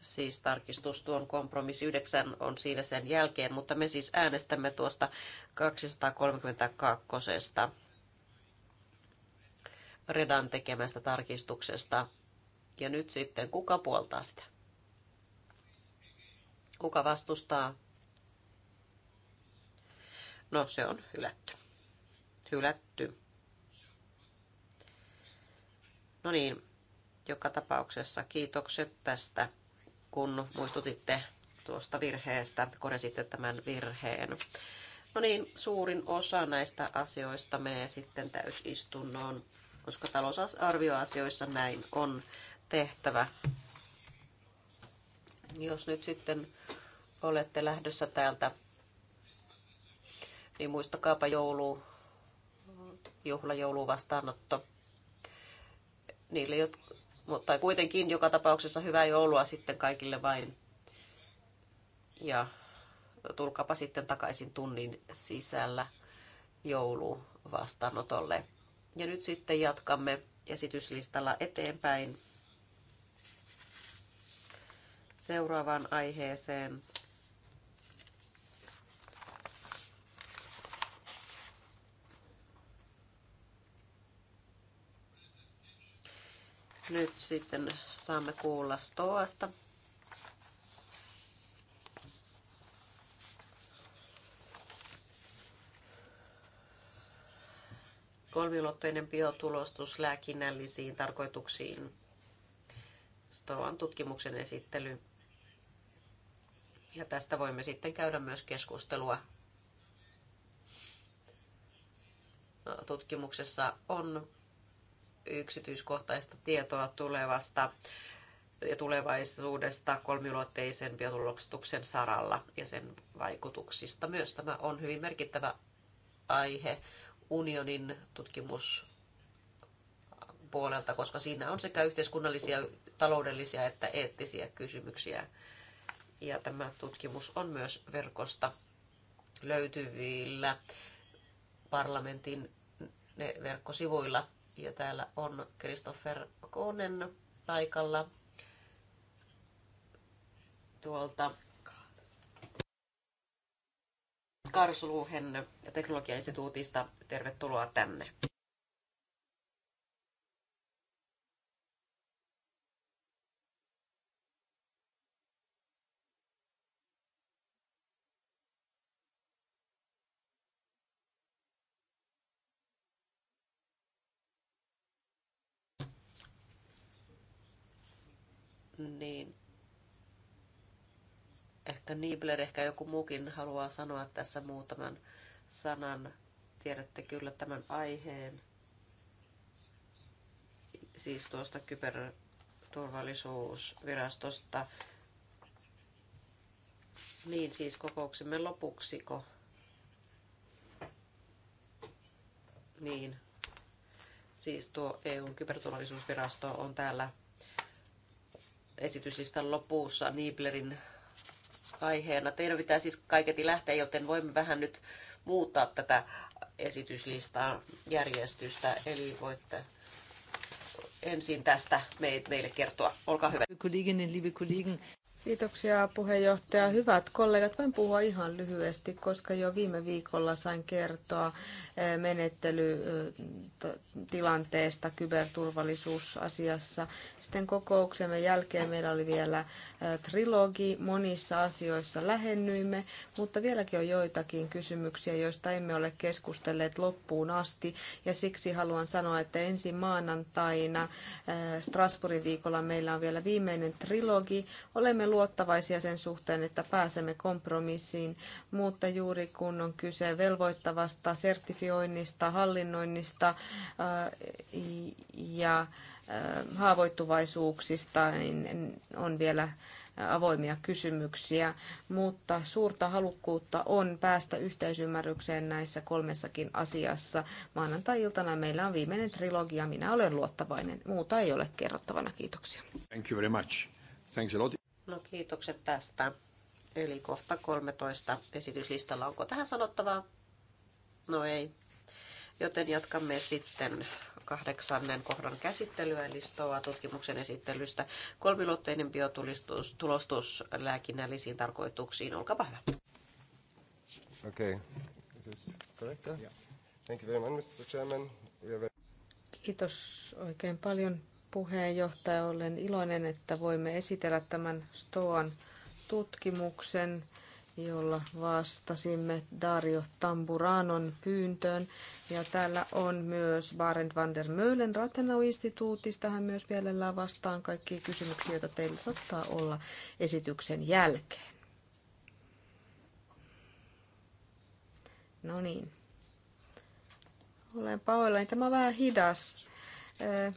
siis tarkistus tuon kompromissi 9 on siinä sen jälkeen, mutta me siis äänestämme tuosta 232. Redan tekemästä tarkistuksesta. Ja nyt sitten kuka puoltaa sitä? Kuka vastustaa? No se on hylätty hylätty. No niin, joka tapauksessa kiitokset tästä, kun muistutitte tuosta virheestä, korjasitte tämän virheen. No niin, suurin osa näistä asioista menee sitten täysistunnoon, koska talousarvioasioissa näin on tehtävä. Jos nyt sitten olette lähdössä täältä, niin muistakaapa joulu juhlajouluvastaanotto. Niille, jotka, mutta kuitenkin joka tapauksessa hyvää joulua sitten kaikille vain. Ja tulkapa sitten takaisin tunnin sisällä jouluvastaanotolle. Ja nyt sitten jatkamme esityslistalla eteenpäin seuraavaan aiheeseen, Nyt sitten saamme kuulla Stoasta. Kolmiulotteinen biotulostus lääkinnällisiin tarkoituksiin. Stoan tutkimuksen esittely. Ja tästä voimme sitten käydä myös keskustelua. Tutkimuksessa on yksityiskohtaista tietoa tulevasta ja tulevaisuudesta kolmiulotteisen biotulostuksen saralla ja sen vaikutuksista myös. Tämä on hyvin merkittävä aihe unionin tutkimuspuolelta koska siinä on sekä yhteiskunnallisia, taloudellisia että eettisiä kysymyksiä. Ja tämä tutkimus on myös verkosta löytyvillä parlamentin verkkosivuilla ja täällä on Christopher Koonen paikalla tuolta Karsluhen teknologiainstituutista. Tervetuloa tänne. niin ehkä Niebler, ehkä joku muukin haluaa sanoa tässä muutaman sanan. Tiedätte kyllä tämän aiheen, siis tuosta kyberturvallisuusvirastosta. Niin siis kokouksemme lopuksiko? Niin, siis tuo EUn kyberturvallisuusvirasto on täällä esityslistan lopussa Niblerin aiheena. Teidän pitää siis kaiketi lähteä, joten voimme vähän nyt muuttaa tätä esityslistaa järjestystä. Eli voitte ensin tästä meille kertoa. Olkaa hyvä. Kolleginen, liebe Kollegen. Kiitoksia puheenjohtaja. Hyvät kollegat, voin puhua ihan lyhyesti, koska jo viime viikolla sain kertoa eh, menettelytilanteesta eh, kyberturvallisuusasiassa. Sitten kokouksemme jälkeen meillä oli vielä eh, trilogi. Monissa asioissa lähennyimme, mutta vieläkin on joitakin kysymyksiä, joista emme ole keskustelleet loppuun asti. Ja siksi haluan sanoa, että ensi maanantaina Strasbourgin viikolla meillä on vielä viimeinen trilogi. Olemme luottavaisia sen suhteen, että pääsemme kompromissiin, mutta juuri kun on kyse velvoittavasta sertifioinnista, hallinnoinnista äh, ja äh, haavoittuvaisuuksista, niin on vielä avoimia kysymyksiä, mutta suurta halukkuutta on päästä yhteisymmärrykseen näissä kolmessakin asiassa. Maanantai-iltana meillä on viimeinen trilogia, minä olen luottavainen. Muuta ei ole kerrottavana, kiitoksia. Thank you very much. Thanks a lot. No kiitokset tästä. Eli kohta 13 esityslistalla. Onko tähän sanottavaa? No ei. Joten jatkamme sitten kahdeksannen kohdan käsittelyä, eli STOA tutkimuksen esittelystä. Kolmiluotteinen biotulostus tulostus lääkinnällisiin tarkoituksiin. Olkaa hyvä. Okei. Okay. Yeah. Kiitos oikein paljon puheenjohtaja. Olen iloinen, että voimme esitellä tämän STOAN tutkimuksen, jolla vastasimme Dario Tamburanon pyyntöön. Ja täällä on myös Barend van der Meulen Rathenau-instituutista. Hän myös mielellään vastaan kaikkiin kysymyksiä, joita teillä saattaa olla esityksen jälkeen. No niin. Olen pahoillani. Tämä on vähän hidas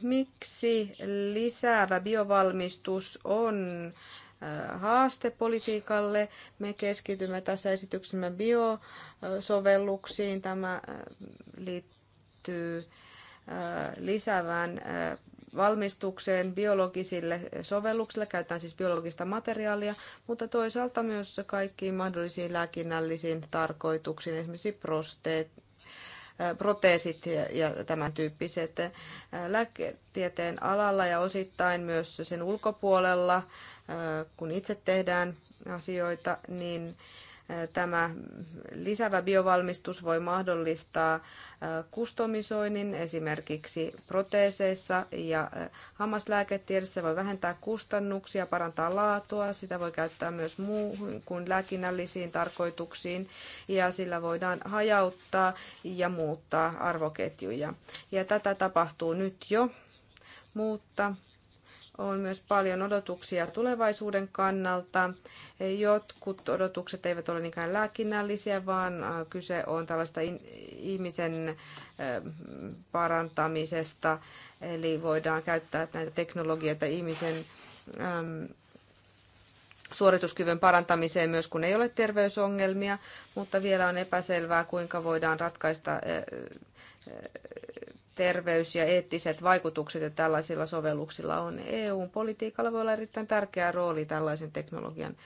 Miksi lisäävä biovalmistus on haaste politiikalle. Me keskitymme tässä esityksemme biosovelluksiin. Tämä liittyy lisäävään valmistukseen biologisille sovelluksille, käytetään siis biologista materiaalia, mutta toisaalta myös kaikkiin mahdollisiin lääkinnällisiin tarkoituksiin, esimerkiksi prosteet, proteesit ja tämän tyyppiset lääketieteen alalla ja osittain myös sen ulkopuolella, kun itse tehdään asioita, niin Tämä lisävä biovalmistus voi mahdollistaa kustomisoinnin esimerkiksi proteeseissa ja hammaslääketiedessä. voi vähentää kustannuksia, parantaa laatua, sitä voi käyttää myös muuhun kuin lääkinnällisiin tarkoituksiin ja sillä voidaan hajauttaa ja muuttaa arvoketjuja. Ja tätä tapahtuu nyt jo, mutta on myös paljon odotuksia tulevaisuuden kannalta. Jotkut odotukset eivät ole niinkään lääkinnällisiä, vaan äh, kyse on tällaista ihmisen äh, parantamisesta. Eli voidaan käyttää näitä teknologioita ihmisen ähm, suorituskyvyn parantamiseen myös, kun ei ole terveysongelmia, mutta vielä on epäselvää, kuinka voidaan ratkaista äh, terveys- ja eettiset vaikutukset, ja tällaisilla sovelluksilla on. EU-politiikalla voi olla erittäin tärkeä rooli tällaisen teknologian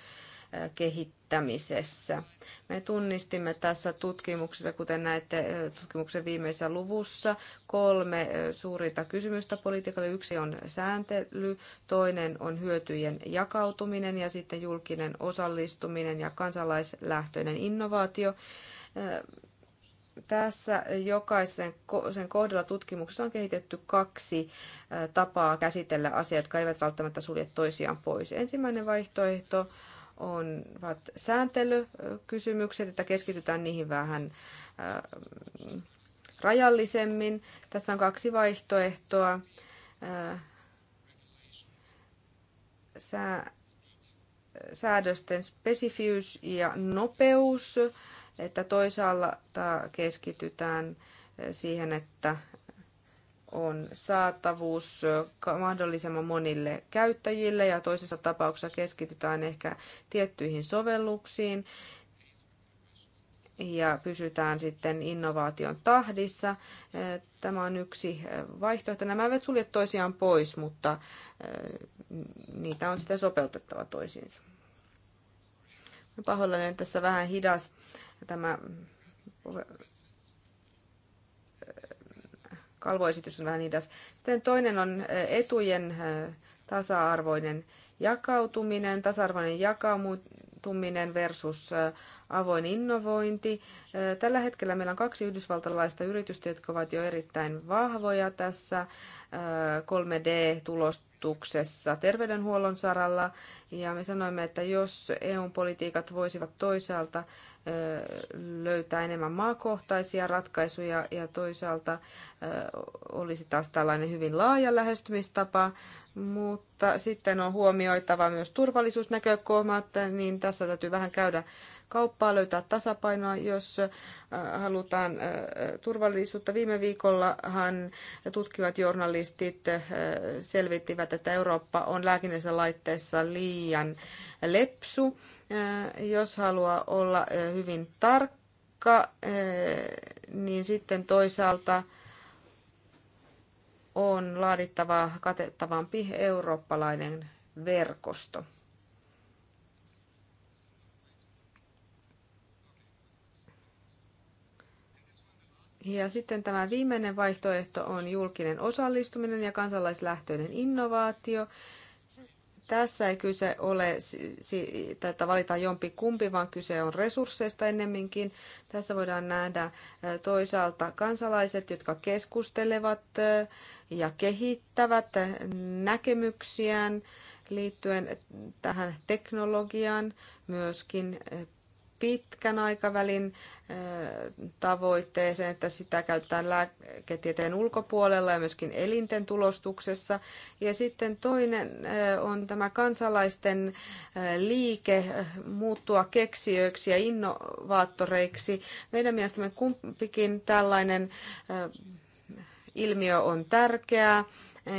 kehittämisessä. Me tunnistimme tässä tutkimuksessa, kuten näette tutkimuksen viimeisessä luvussa, kolme suurinta kysymystä politiikalle. Yksi on sääntely, toinen on hyötyjen jakautuminen ja sitten julkinen osallistuminen ja kansalaislähtöinen innovaatio tässä jokaisen sen kohdalla tutkimuksessa on kehitetty kaksi tapaa käsitellä asioita, jotka eivät välttämättä sulje toisiaan pois. Ensimmäinen vaihtoehto on sääntelykysymykset, että keskitytään niihin vähän rajallisemmin. Tässä on kaksi vaihtoehtoa. Sää, säädösten spesifius ja nopeus että toisaalla keskitytään eh, siihen, että on saatavuus eh, mahdollisimman monille käyttäjille ja toisessa tapauksessa keskitytään ehkä tiettyihin sovelluksiin ja pysytään sitten innovaation tahdissa. Eh, tämä on yksi vaihtoehto. Nämä eivät sulje toisiaan pois, mutta niitä on sitten sopeutettava toisiinsa. Pahoillani, tässä vähän hidas Tämä kalvoesitys on vähän idas. Sitten toinen on etujen tasa-arvoinen jakautuminen, tasa-arvoinen jakautuminen versus avoin innovointi. Tällä hetkellä meillä on kaksi yhdysvaltalaista yritystä, jotka ovat jo erittäin vahvoja tässä 3D-tulostuksessa terveydenhuollon saralla. Ja me sanoimme, että jos EU-politiikat voisivat toisaalta löytää enemmän maakohtaisia ratkaisuja ja toisaalta olisi taas tällainen hyvin laaja lähestymistapa, mutta sitten on huomioitava myös että niin tässä täytyy vähän käydä kauppaa, löytää tasapainoa, jos halutaan turvallisuutta. Viime viikollahan tutkivat journalistit selvittivät, että Eurooppa on lääkinnässä laitteessa liian lepsu jos haluaa olla hyvin tarkka, niin sitten toisaalta on laadittava katettavampi eurooppalainen verkosto. Ja sitten tämä viimeinen vaihtoehto on julkinen osallistuminen ja kansalaislähtöinen innovaatio. Tässä ei kyse ole siitä, että valitaan jompi kumpi, vaan kyse on resursseista ennemminkin. Tässä voidaan nähdä toisaalta kansalaiset, jotka keskustelevat ja kehittävät näkemyksiään liittyen tähän teknologiaan, myöskin pitkän aikavälin tavoitteeseen, että sitä käytetään lääketieteen ulkopuolella ja myöskin elinten tulostuksessa. Ja sitten toinen on tämä kansalaisten liike muuttua keksijöiksi ja innovaattoreiksi. Meidän mielestämme kumpikin tällainen ilmiö on tärkeää.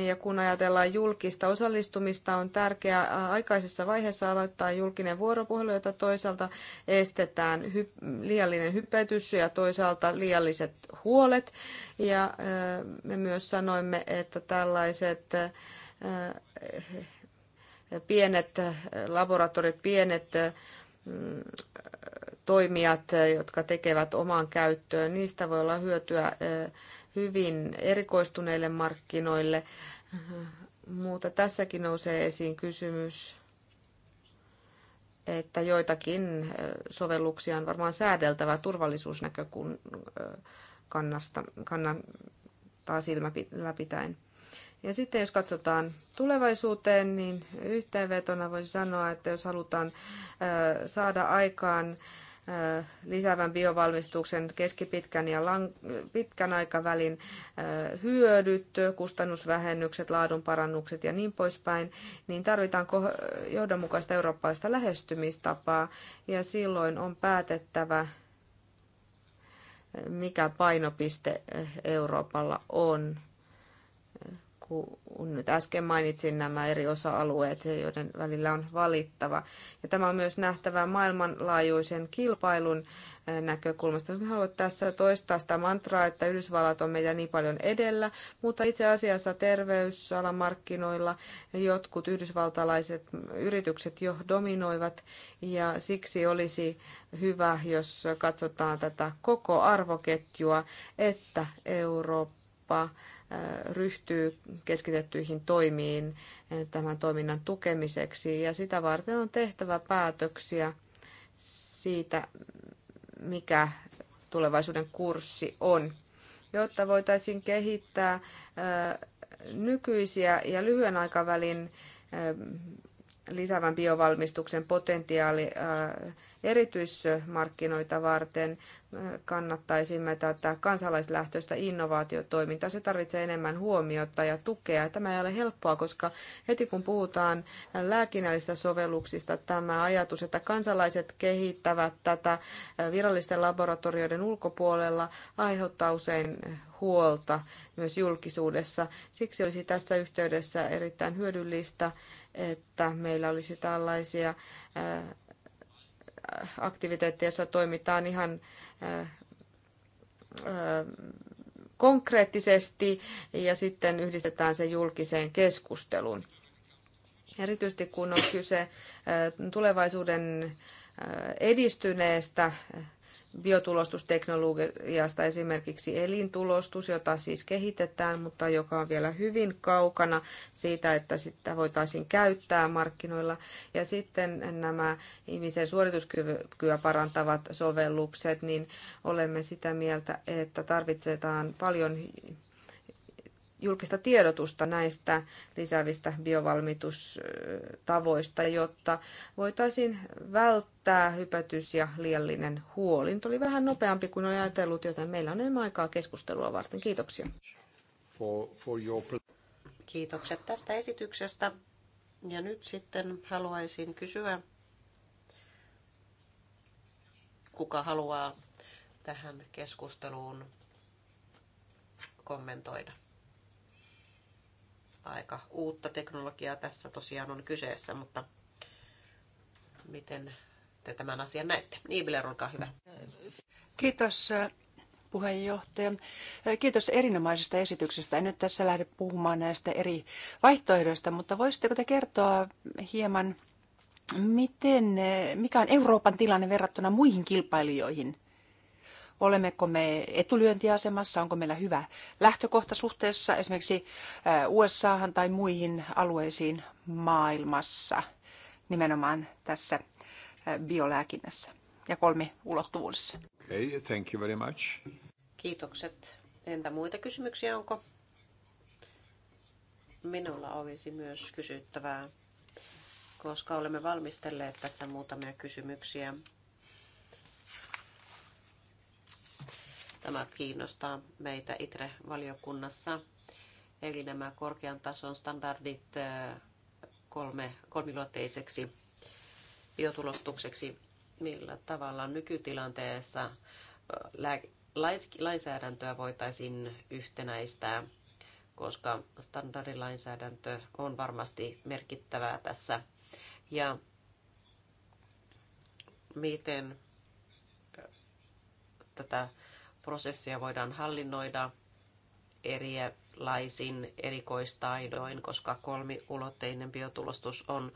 Ja kun ajatellaan julkista osallistumista, on tärkeää aikaisessa vaiheessa aloittaa julkinen vuoropuhelu, jota toisaalta estetään hy- liiallinen hypetys ja toisaalta liialliset huolet. Ja me myös sanoimme, että tällaiset pienet laboratoriot, pienet toimijat, jotka tekevät omaan käyttöön, niistä voi olla hyötyä hyvin erikoistuneille markkinoille. Mutta tässäkin nousee esiin kysymys, että joitakin sovelluksia on varmaan säädeltävä turvallisuusnäkökannasta kannattaa silmä läpitäen. Ja sitten jos katsotaan tulevaisuuteen, niin yhteenvetona voisi sanoa, että jos halutaan saada aikaan lisäävän biovalmistuksen keskipitkän ja lang- pitkän aikavälin hyödyt, kustannusvähennykset, laadunparannukset ja niin poispäin, niin tarvitaan johdonmukaista eurooppaista lähestymistapaa ja silloin on päätettävä, mikä painopiste Euroopalla on kun nyt äsken mainitsin nämä eri osa-alueet, joiden välillä on valittava. Ja tämä on myös nähtävä maailmanlaajuisen kilpailun eh, näkökulmasta. Jos haluat tässä toistaa sitä mantraa, että Yhdysvallat on meitä niin paljon edellä, mutta itse asiassa terveysalan markkinoilla jotkut yhdysvaltalaiset yritykset jo dominoivat ja siksi olisi hyvä, jos katsotaan tätä koko arvoketjua, että Eurooppa ryhtyy keskitettyihin toimiin eh, tämän toiminnan tukemiseksi. Ja sitä varten on tehtävä päätöksiä siitä, mikä tulevaisuuden kurssi on, jotta voitaisiin kehittää eh, nykyisiä ja lyhyen aikavälin eh, lisäävän biovalmistuksen potentiaali äh, erityismarkkinoita varten. Äh, kannattaisimme tätä kansalaislähtöistä innovaatiotoimintaa. Se tarvitsee enemmän huomiota ja tukea. Tämä ei ole helppoa, koska heti kun puhutaan lääkinnällisistä sovelluksista, tämä ajatus, että kansalaiset kehittävät tätä äh, virallisten laboratorioiden ulkopuolella, aiheuttaa usein huolta myös julkisuudessa. Siksi olisi tässä yhteydessä erittäin hyödyllistä että meillä olisi tällaisia äh, aktiviteetteja, joissa toimitaan ihan äh, äh, konkreettisesti ja sitten yhdistetään se julkiseen keskusteluun. Erityisesti kun on kyse tulevaisuuden edistyneestä biotulostusteknologiasta esimerkiksi elintulostus, jota siis kehitetään, mutta joka on vielä hyvin kaukana siitä, että sitä voitaisiin käyttää markkinoilla. Ja sitten nämä ihmisen suorituskykyä parantavat sovellukset, niin olemme sitä mieltä, että tarvitsetaan paljon julkista tiedotusta näistä lisäävistä biovalmitustavoista, jotta voitaisiin välttää hypätys ja liiallinen huoli. Nyt oli vähän nopeampi kuin olin ajatellut, joten meillä on enemmän aikaa keskustelua varten. Kiitoksia. For, for your... Kiitokset tästä esityksestä. Ja nyt sitten haluaisin kysyä, kuka haluaa tähän keskusteluun kommentoida aika uutta teknologiaa tässä tosiaan on kyseessä, mutta miten te tämän asian näette? Niibler, olkaa hyvä. Kiitos puheenjohtaja. Kiitos erinomaisesta esityksestä. En nyt tässä lähde puhumaan näistä eri vaihtoehdoista, mutta voisitteko te kertoa hieman, miten, mikä on Euroopan tilanne verrattuna muihin kilpailijoihin? Olemmeko me etulyöntiasemassa, onko meillä hyvä lähtökohta suhteessa esimerkiksi USAhan tai muihin alueisiin maailmassa, nimenomaan tässä biolääkinnässä ja kolme ulottuvuudessa. Okay, thank you very much. Kiitokset. Entä muita kysymyksiä onko? Minulla olisi myös kysyttävää, koska olemme valmistelleet tässä muutamia kysymyksiä Tämä kiinnostaa meitä ITRE-valiokunnassa. Eli nämä korkean tason standardit kolme, kolmiluotteiseksi biotulostukseksi, millä tavalla nykytilanteessa lainsäädäntöä voitaisiin yhtenäistää, koska standardilainsäädäntö on varmasti merkittävää tässä. Ja miten tätä prosesseja voidaan hallinnoida erilaisin erikoistaidoin, koska kolmiulotteinen biotulostus on,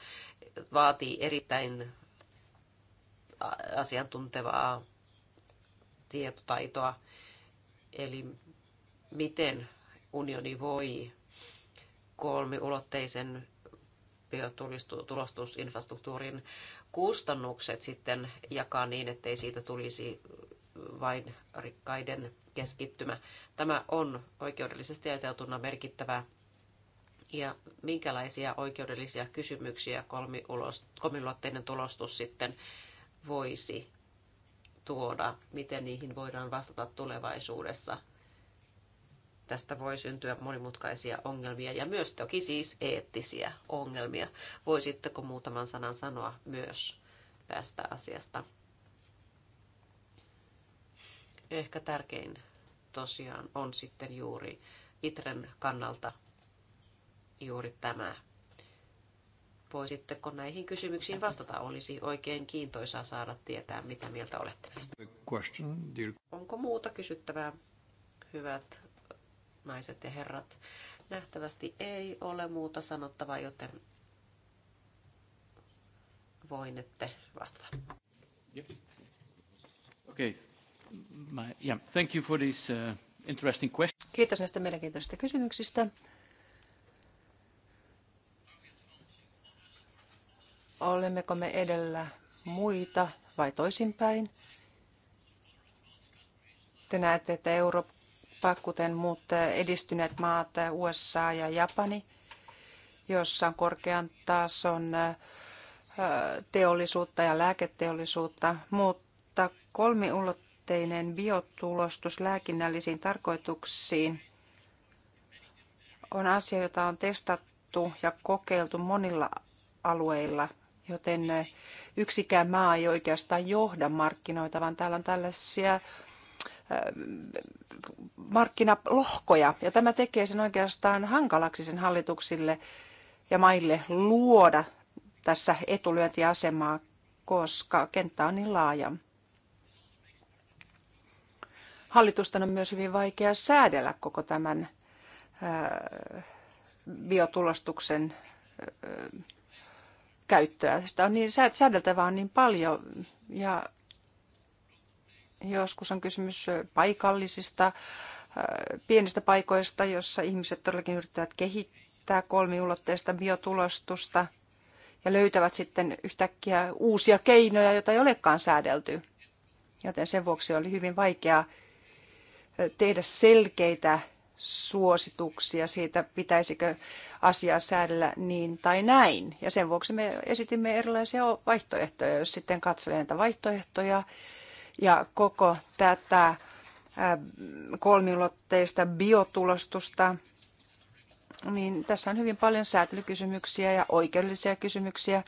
vaatii erittäin asiantuntevaa tietotaitoa. Eli miten unioni voi kolmiulotteisen biotulostusinfrastruktuurin kustannukset sitten jakaa niin, ettei siitä tulisi vain rikkaiden keskittymä. Tämä on oikeudellisesti ajateltuna merkittävää. ja minkälaisia oikeudellisia kysymyksiä kolmiulotteinen tulostus sitten voisi tuoda, miten niihin voidaan vastata tulevaisuudessa. Tästä voi syntyä monimutkaisia ongelmia ja myös toki siis eettisiä ongelmia. Voisitteko muutaman sanan sanoa myös tästä asiasta? ehkä tärkein tosiaan on sitten juuri Itren kannalta juuri tämä. Voisitteko näihin kysymyksiin vastata? Olisi oikein kiintoisaa saada tietää, mitä mieltä olette näistä. Onko muuta kysyttävää, hyvät naiset ja herrat? Nähtävästi ei ole muuta sanottavaa, joten voinette vastata. Okei, okay. My, yeah, thank you for this, uh, interesting question. Kiitos näistä mielenkiintoisista kysymyksistä. Olemmeko me edellä muita vai toisinpäin? Te näette, että Eurooppa, kuten muut edistyneet maat, USA ja Japani, jossa on korkean tason teollisuutta ja lääketeollisuutta, mutta kolmiulotteisuus painotteinen biotulostus lääkinnällisiin tarkoituksiin on asia, jota on testattu ja kokeiltu monilla alueilla, joten yksikään maa ei oikeastaan johda markkinoita, vaan täällä on tällaisia ähm, markkinalohkoja, ja tämä tekee sen oikeastaan hankalaksi sen hallituksille ja maille luoda tässä etulyöntiasemaa, koska kenttä on niin laaja. Hallitusten on myös hyvin vaikea säädellä koko tämän biotulostuksen käyttöä. Sitä on niin, säädeltävää on niin paljon ja joskus on kysymys paikallisista, pienistä paikoista, jossa ihmiset todellakin yrittävät kehittää kolmiulotteista biotulostusta ja löytävät sitten yhtäkkiä uusia keinoja, joita ei olekaan säädelty. Joten sen vuoksi oli hyvin vaikea tehdä selkeitä suosituksia siitä, pitäisikö asiaa säädellä niin tai näin. Ja sen vuoksi me esitimme erilaisia vaihtoehtoja. Jos sitten katselee näitä vaihtoehtoja ja koko tätä äh, kolmiulotteista biotulostusta, niin tässä on hyvin paljon säätelykysymyksiä ja oikeudellisia kysymyksiä.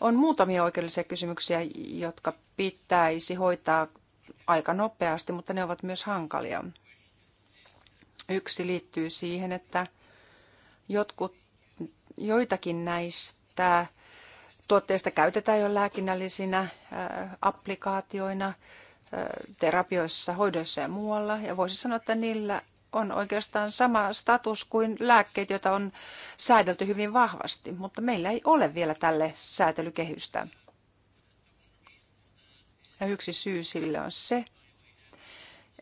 On muutamia oikeudellisia kysymyksiä, jotka pitäisi hoitaa aika nopeasti, mutta ne ovat myös hankalia. Yksi liittyy siihen, että jotkut, joitakin näistä tuotteista käytetään jo lääkinnällisinä äh, applikaatioina äh, terapioissa, hoidoissa ja muualla. Ja voisi sanoa, että niillä on oikeastaan sama status kuin lääkkeet, joita on säädelty hyvin vahvasti, mutta meillä ei ole vielä tälle säätelykehystä. Ja yksi syy sille on se,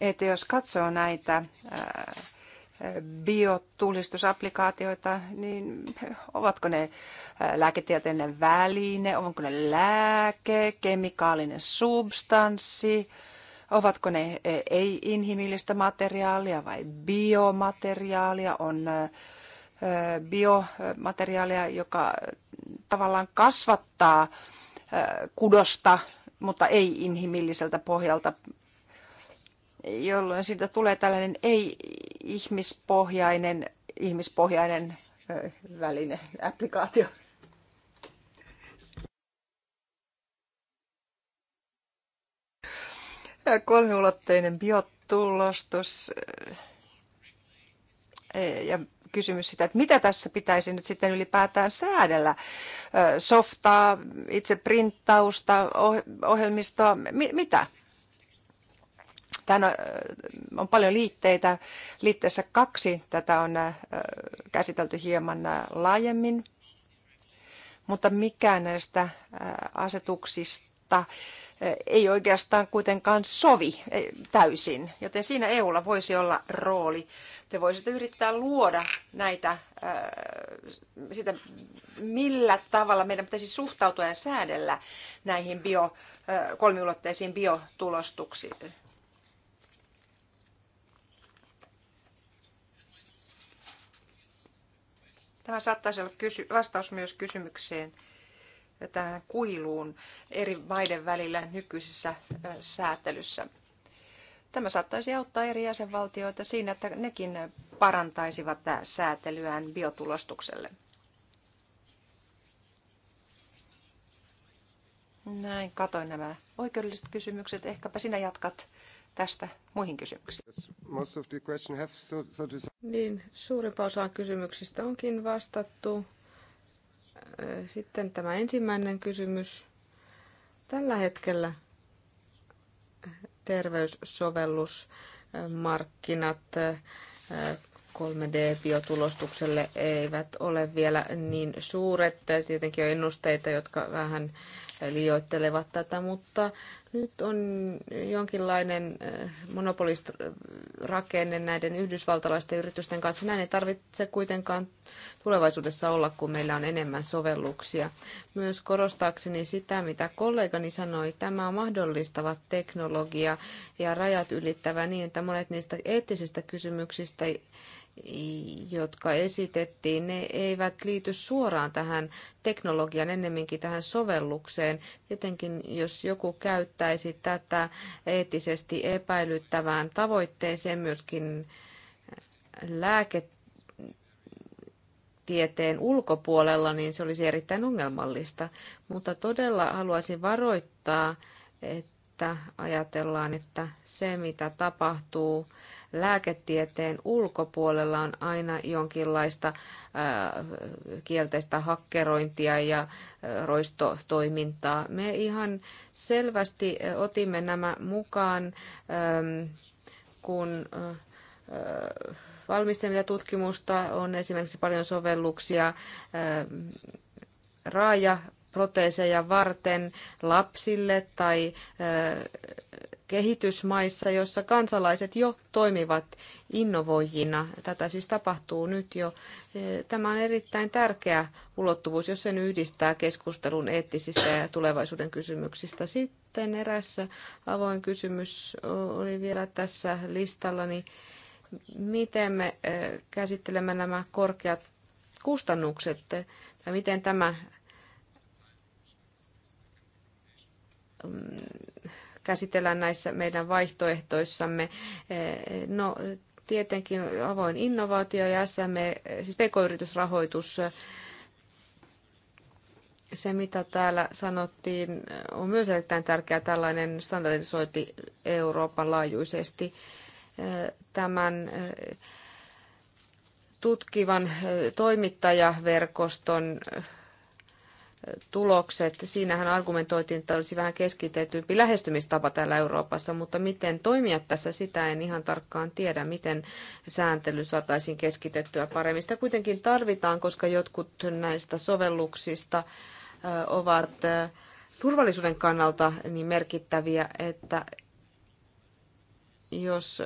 että jos katsoo näitä biotulistusapplikaatioita, niin ovatko ne lääketieteellinen väline, onko ne lääke, kemikaalinen substanssi, ovatko ne ei-inhimillistä materiaalia vai biomateriaalia, on biomateriaalia, joka tavallaan kasvattaa kudosta mutta ei inhimilliseltä pohjalta, jolloin siitä tulee tällainen ei-ihmispohjainen ihmispohjainen väline, applikaatio. Ja kolmiulotteinen biotulostus ja kysymys sitä, että mitä tässä pitäisi nyt sitten ylipäätään säädellä. Softaa, itse printtausta, ohjelmistoa, mitä? tämä on paljon liitteitä. Liitteessä kaksi tätä on käsitelty hieman laajemmin, mutta mikään näistä asetuksista ei oikeastaan kuitenkaan sovi täysin, joten siinä EUlla voisi olla rooli. Te voisitte yrittää luoda näitä, sitä, millä tavalla meidän pitäisi suhtautua ja säädellä näihin bio, kolmiulotteisiin biotulostuksiin. Tämä saattaisi olla kysy- vastaus myös kysymykseen tähän kuiluun eri maiden välillä nykyisessä säätelyssä. Tämä saattaisi auttaa eri jäsenvaltioita siinä, että nekin parantaisivat säätelyään biotulostukselle. Näin, katoin nämä oikeudelliset kysymykset. Ehkäpä sinä jatkat tästä muihin kysymyksiin. Niin, suurin osa kysymyksistä onkin vastattu. Sitten tämä ensimmäinen kysymys. Tällä hetkellä terveyssovellusmarkkinat 3D-biotulostukselle eivät ole vielä niin suuret. Tietenkin on ennusteita, jotka vähän liioittelevat tätä, mutta nyt on jonkinlainen eh, monopolistrakenne näiden yhdysvaltalaisten yritysten kanssa. Näin ei tarvitse kuitenkaan tulevaisuudessa olla, kun meillä on enemmän sovelluksia. Myös korostaakseni sitä, mitä kollegani sanoi, tämä on mahdollistava teknologia ja rajat ylittävä niin, että monet niistä eettisistä kysymyksistä jotka esitettiin, ne eivät liity suoraan tähän teknologian, ennemminkin tähän sovellukseen. Tietenkin, jos joku käyttäisi tätä eettisesti epäilyttävään tavoitteeseen myöskin lääketieteen ulkopuolella, niin se olisi erittäin ongelmallista. Mutta todella haluaisin varoittaa, että ajatellaan, että se mitä tapahtuu lääketieteen ulkopuolella on aina jonkinlaista äh, kielteistä hakkerointia ja äh, roistotoimintaa. Me ihan selvästi äh, otimme nämä mukaan, ähm, kun valmistelmia tutkimusta on esimerkiksi paljon sovelluksia raaja proteeseja varten lapsille tai kehitysmaissa, joissa kansalaiset jo toimivat innovoijina. Tätä siis tapahtuu nyt jo. E, tämä on erittäin tärkeä ulottuvuus, jos sen yhdistää keskustelun eettisistä ja tulevaisuuden kysymyksistä. Sitten erässä avoin kysymys oli vielä tässä listallani. Niin miten me e, käsittelemme nämä korkeat kustannukset tai miten tämä mm, käsitellään näissä meidän vaihtoehtoissamme. Eh, no, tietenkin avoin innovaatio ja SM, siis pk-yritysrahoitus, se, mitä täällä sanottiin, on myös erittäin tärkeä tällainen standardisointi Euroopan laajuisesti. Eh, tämän eh, tutkivan toimittajaverkoston tulokset. Siinähän argumentoitiin, että olisi vähän keskitetympi lähestymistapa täällä Euroopassa, mutta miten toimia tässä, sitä en ihan tarkkaan tiedä, miten sääntely saataisiin keskitettyä paremmin. Sitä kuitenkin tarvitaan, koska jotkut näistä sovelluksista ovat turvallisuuden kannalta niin merkittäviä, että jos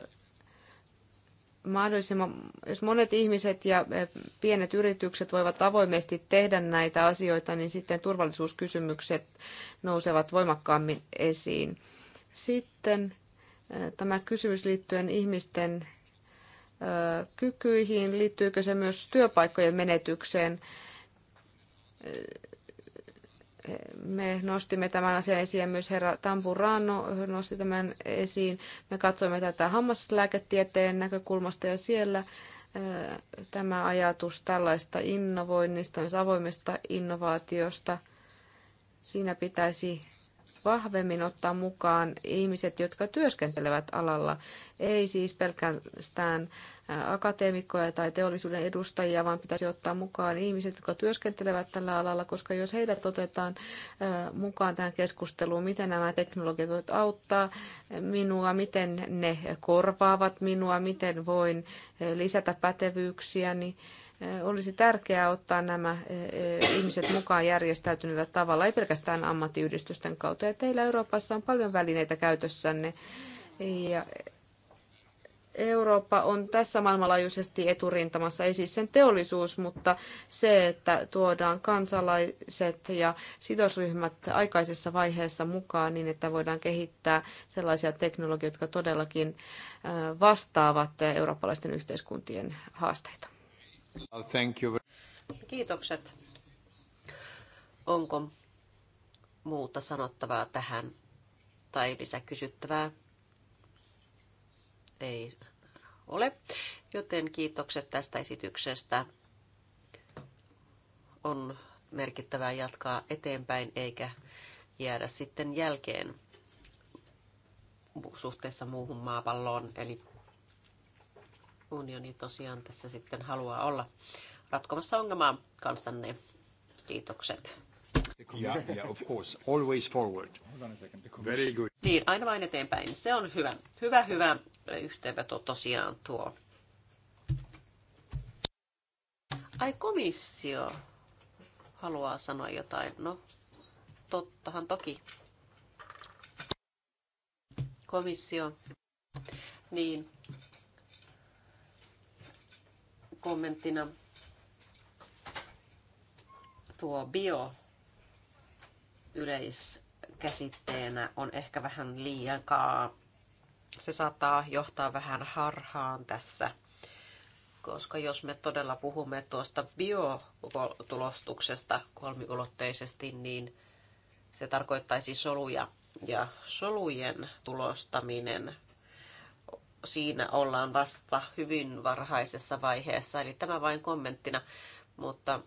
mahdollisimman, jos monet ihmiset ja eh, pienet yritykset voivat avoimesti tehdä näitä asioita, niin sitten turvallisuuskysymykset nousevat voimakkaammin esiin. Sitten eh, tämä kysymys liittyen ihmisten eh, kykyihin, liittyykö se myös työpaikkojen menetykseen? me nostimme tämän asian esiin myös herra Tampurano nosti tämän esiin. Me katsoimme tätä hammaslääketieteen näkökulmasta ja siellä eh, tämä ajatus tällaista innovoinnista, myös avoimesta innovaatiosta, siinä pitäisi vahvemmin ottaa mukaan ihmiset, jotka työskentelevät alalla. Ei siis pelkästään akateemikkoja tai teollisuuden edustajia, vaan pitäisi ottaa mukaan ihmiset, jotka työskentelevät tällä alalla, koska jos heidät otetaan mukaan tähän keskusteluun, miten nämä teknologiat voivat auttaa minua, miten ne korvaavat minua, miten voin lisätä pätevyyksiäni, niin olisi tärkeää ottaa nämä ihmiset mukaan järjestäytyneellä tavalla, ei pelkästään ammattiyhdistysten kautta. Ja teillä Euroopassa on paljon välineitä käytössänne. Ja Eurooppa on tässä maailmanlaajuisesti eturintamassa, ei siis sen teollisuus, mutta se, että tuodaan kansalaiset ja sidosryhmät aikaisessa vaiheessa mukaan niin, että voidaan kehittää sellaisia teknologioita, jotka todellakin vastaavat eurooppalaisten yhteiskuntien haasteita. Thank you. Kiitokset. Onko muuta sanottavaa tähän tai lisäkysyttävää? Ei ole, joten kiitokset tästä esityksestä. On merkittävää jatkaa eteenpäin eikä jäädä sitten jälkeen suhteessa muuhun maapalloon, eli unioni tosiaan tässä sitten haluaa olla ratkomassa ongelmaa kanssanne. Kiitokset. Yeah, yeah, of course. Always forward. Very good. Niin, aina vain eteenpäin. Se on hyvä. Hyvä, hyvä yhteenveto tosiaan tuo. Ai komissio haluaa sanoa jotain. No, tottahan toki. Komissio. Niin, kommenttina tuo bio yleiskäsitteenä on ehkä vähän kaa, Se saattaa johtaa vähän harhaan tässä, koska jos me todella puhumme tuosta biotulostuksesta kolmiulotteisesti, niin se tarkoittaisi soluja ja solujen tulostaminen siinä ollaan vasta hyvin varhaisessa vaiheessa. Eli tämä vain kommenttina, mutta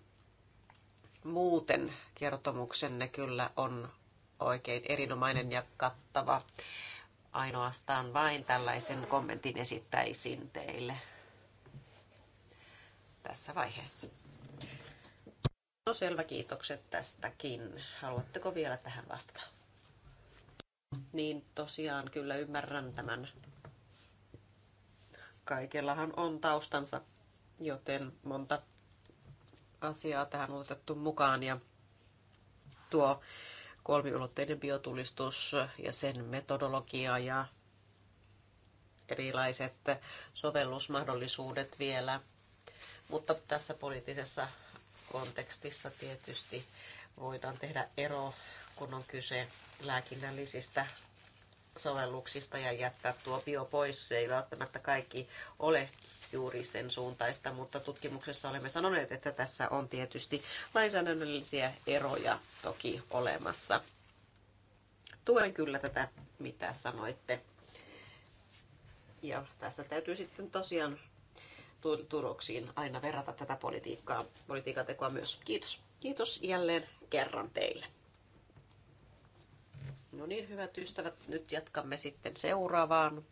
muuten kertomuksenne kyllä on oikein erinomainen ja kattava. Ainoastaan vain tällaisen kommentin esittäisin teille tässä vaiheessa. No selvä, kiitokset tästäkin. Haluatteko vielä tähän vastata? Niin tosiaan kyllä ymmärrän tämän Kaikellahan on taustansa, joten monta asiaa tähän on otettu mukaan ja tuo kolmiulotteinen biotulistus ja sen metodologia ja erilaiset sovellusmahdollisuudet vielä. Mutta tässä poliittisessa kontekstissa tietysti voidaan tehdä ero, kun on kyse lääkinnällisistä sovelluksista ja jättää tuo bio pois. Se ei välttämättä kaikki ole juuri sen suuntaista, mutta tutkimuksessa olemme sanoneet, että tässä on tietysti lainsäädännöllisiä eroja toki olemassa. Tuen kyllä tätä, mitä sanoitte. Ja tässä täytyy sitten tosiaan tuloksiin aina verrata tätä politiikkaa, politiikan tekoa myös. Kiitos. Kiitos jälleen kerran teille. No niin, hyvät ystävät, nyt jatkamme sitten seuraavaan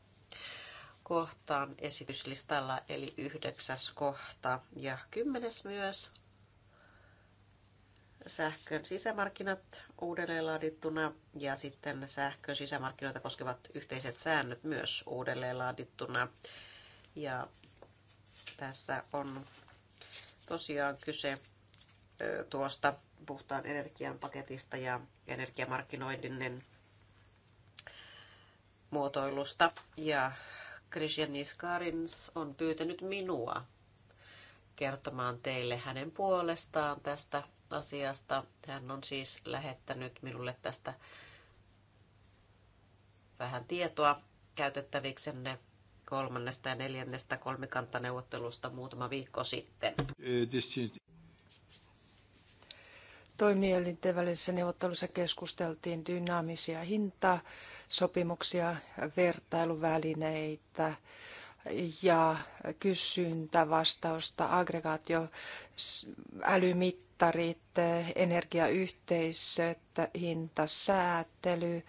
kohtaan esityslistalla, eli yhdeksäs kohta ja kymmenes myös. Sähkön sisämarkkinat uudelleen laadittuna ja sitten sähkön sisämarkkinoita koskevat yhteiset säännöt myös uudelleen laadittuna. Ja tässä on tosiaan kyse tuosta puhtaan energian paketista ja energiamarkkinoinnin muotoilusta. Ja Christian Niskarins on pyytänyt minua kertomaan teille hänen puolestaan tästä asiasta. Hän on siis lähettänyt minulle tästä vähän tietoa käytettäviksenne kolmannesta ja neljännestä kolmikantaneuvottelusta muutama viikko sitten. Toimielinten välisissä neuvottelussa keskusteltiin dynaamisia hintasopimuksia, vertailuvälineitä ja kysyntävastausta, aggregaatio, älymittarit, energiayhteisöt, hintasäätely,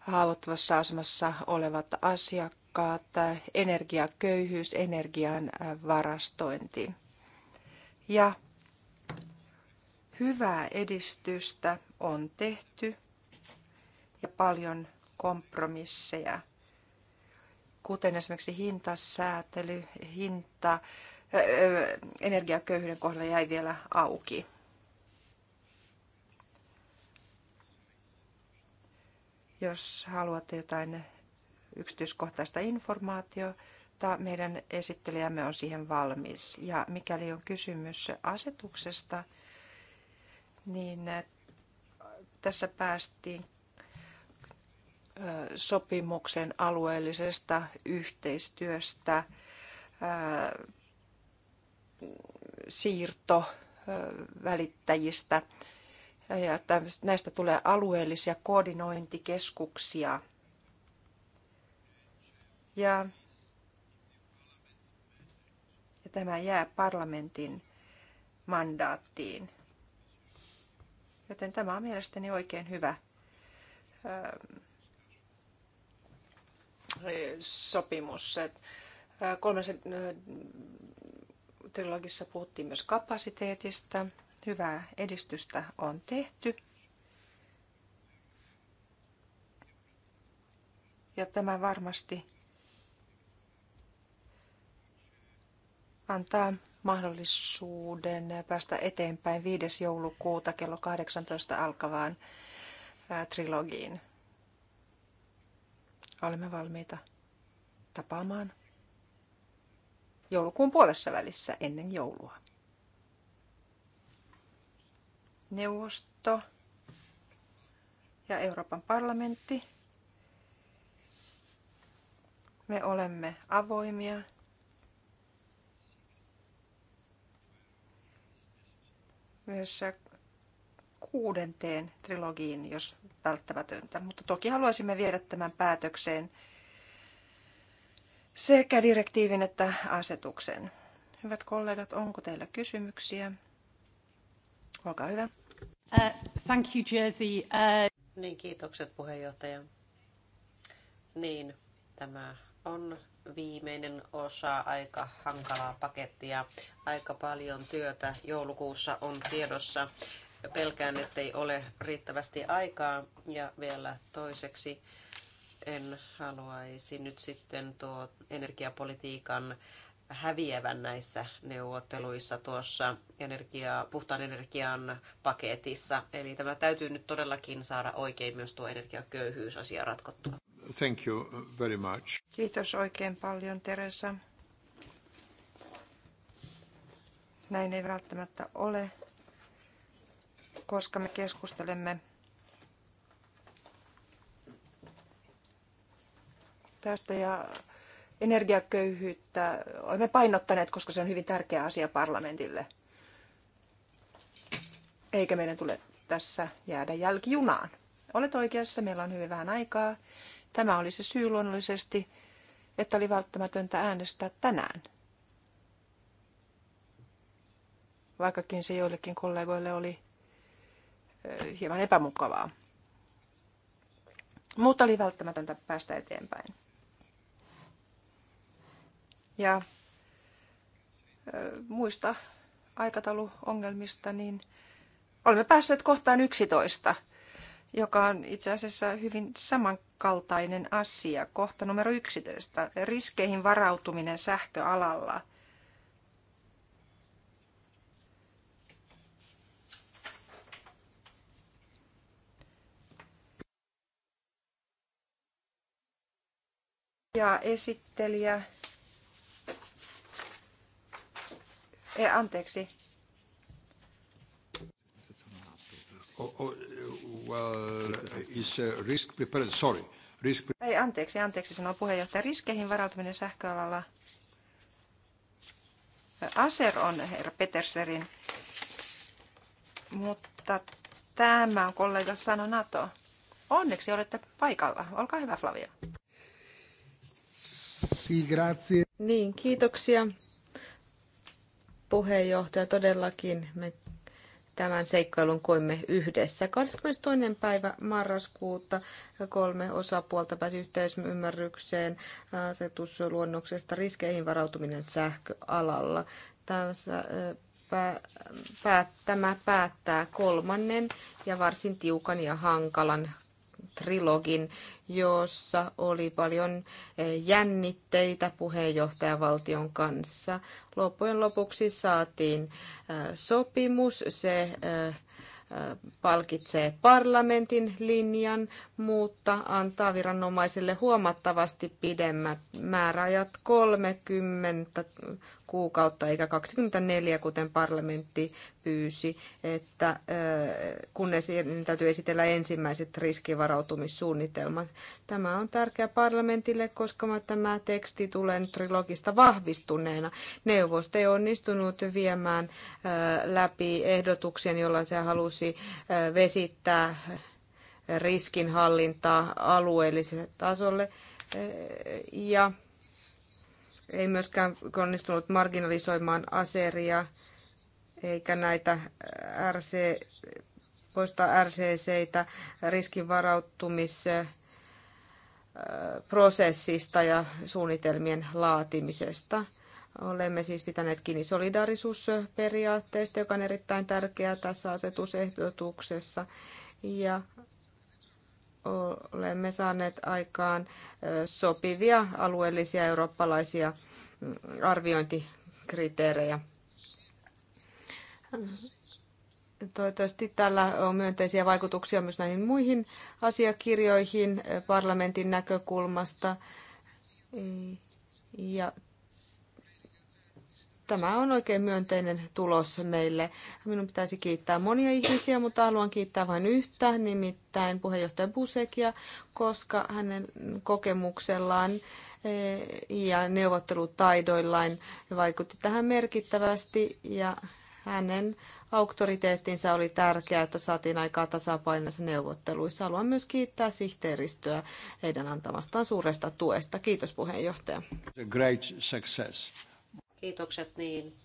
haavoittuvassa asemassa olevat asiakkaat, energiaköyhyys, energian varastointi. Ja Hyvää edistystä on tehty ja paljon kompromisseja, kuten esimerkiksi hintasäätely, hinta, äh, energiaköyhyyden kohdalla jäi vielä auki. Jos haluatte jotain yksityiskohtaista informaatiota, meidän esittelijämme on siihen valmis. Ja mikäli on kysymys asetuksesta, niin äh, tässä päästiin äh, sopimuksen alueellisesta yhteistyöstä, äh, siirto välittäjistä. Ja näistä tulee alueellisia koordinointikeskuksia. Ja, ja tämä jää parlamentin mandaattiin. Joten tämä on mielestäni oikein hyvä ähm, sopimus. Äh, kolmessa äh, trilogissa puhuttiin myös kapasiteetista. Hyvää edistystä on tehty. Ja tämä varmasti antaa mahdollisuuden päästä eteenpäin 5. joulukuuta kello 18 alkavaan trilogiin. Olemme valmiita tapaamaan joulukuun puolessa välissä ennen joulua. Neuvosto ja Euroopan parlamentti. Me olemme avoimia myös kuudenteen trilogiin, jos välttämätöntä. Mutta toki haluaisimme viedä tämän päätökseen sekä direktiivin että asetuksen. Hyvät kollegat, onko teillä kysymyksiä? Olkaa hyvä. Uh, thank you, Jersey. Uh... Niin, kiitokset puheenjohtaja. Niin, tämä on viimeinen osa aika hankalaa pakettia. Aika paljon työtä joulukuussa on tiedossa. Pelkään, ettei ole riittävästi aikaa. Ja vielä toiseksi en haluaisi nyt sitten tuo energiapolitiikan häviävän näissä neuvotteluissa tuossa energia, puhtaan energian paketissa. Eli tämä täytyy nyt todellakin saada oikein myös tuo energiaköyhyysasia ratkottua. Thank you very much. Kiitos oikein paljon, Teresa. Näin ei välttämättä ole, koska me keskustelemme tästä ja energiaköyhyyttä olemme painottaneet, koska se on hyvin tärkeä asia parlamentille. Eikä meidän tule tässä jäädä jälkijunaan. Olet oikeassa, meillä on hyvin vähän aikaa Tämä oli se syy luonnollisesti, että oli välttämätöntä äänestää tänään. Vaikkakin se joillekin kollegoille oli hieman epämukavaa. Mutta oli välttämätöntä päästä eteenpäin. Ja muista aikatauluongelmista, niin olemme päässeet kohtaan 11, joka on itse asiassa hyvin saman kaltainen asia. Kohta numero 11. Riskeihin varautuminen sähköalalla. Ja esittelijä, ei eh, anteeksi, Oh, oh, Ei, anteeksi, anteeksi, sanoo puheenjohtaja. Riskeihin varautuminen sähköalalla. Aser on herra Peterserin, mutta tämä on kollega Sano Nato. Onneksi olette paikalla. Olkaa hyvä, Flavio. Si, grazie. Niin, kiitoksia puheenjohtaja. Todellakin me tämän seikkailun koimme yhdessä. 22. päivä marraskuuta kolme osapuolta pääsi yhteisymmärrykseen asetusluonnoksesta riskeihin varautuminen sähköalalla. Tässä tämä päättää kolmannen ja varsin tiukan ja hankalan trilogin, jossa oli paljon eh, jännitteitä puheenjohtajavaltion kanssa. Loppujen lopuksi saatiin eh, sopimus. Se eh, palkitsee parlamentin linjan, mutta antaa viranomaisille huomattavasti pidemmät määräajat 30 kuukautta eikä 24, kuten parlamentti pyysi, että kunnes niin täytyy esitellä ensimmäiset riskivarautumissuunnitelmat. Tämä on tärkeä parlamentille, koska tämä teksti tulee nyt trilogista vahvistuneena. Neuvosto ei onnistunut viemään läpi ehdotuksen, jolla se halusi vesittää riskinhallintaa alueelliselle tasolle. Ja ei myöskään onnistunut marginalisoimaan aseria eikä näitä RC, poistaa RCCitä riskin varautumisprosessista ja suunnitelmien laatimisesta. Olemme siis pitäneet kiinni solidaarisuusperiaatteesta, joka on erittäin tärkeä tässä asetusehdotuksessa. Ja olemme saaneet aikaan sopivia alueellisia eurooppalaisia mm, arviointikriteerejä. Toivottavasti tällä on myönteisiä vaikutuksia myös näihin muihin asiakirjoihin parlamentin näkökulmasta. Ja Tämä on oikein myönteinen tulos meille. Minun pitäisi kiittää monia ihmisiä, mutta haluan kiittää vain yhtä, nimittäin puheenjohtaja Busekia, koska hänen kokemuksellaan eh, ja neuvottelutaidoillaan vaikutti tähän merkittävästi ja hänen auktoriteettinsa oli tärkeää, että saatiin aikaa tasapainoissa neuvotteluissa. Haluan myös kiittää sihteeristöä heidän antamastaan suuresta tuesta. Kiitos puheenjohtaja. A great success. Kiitokset niin.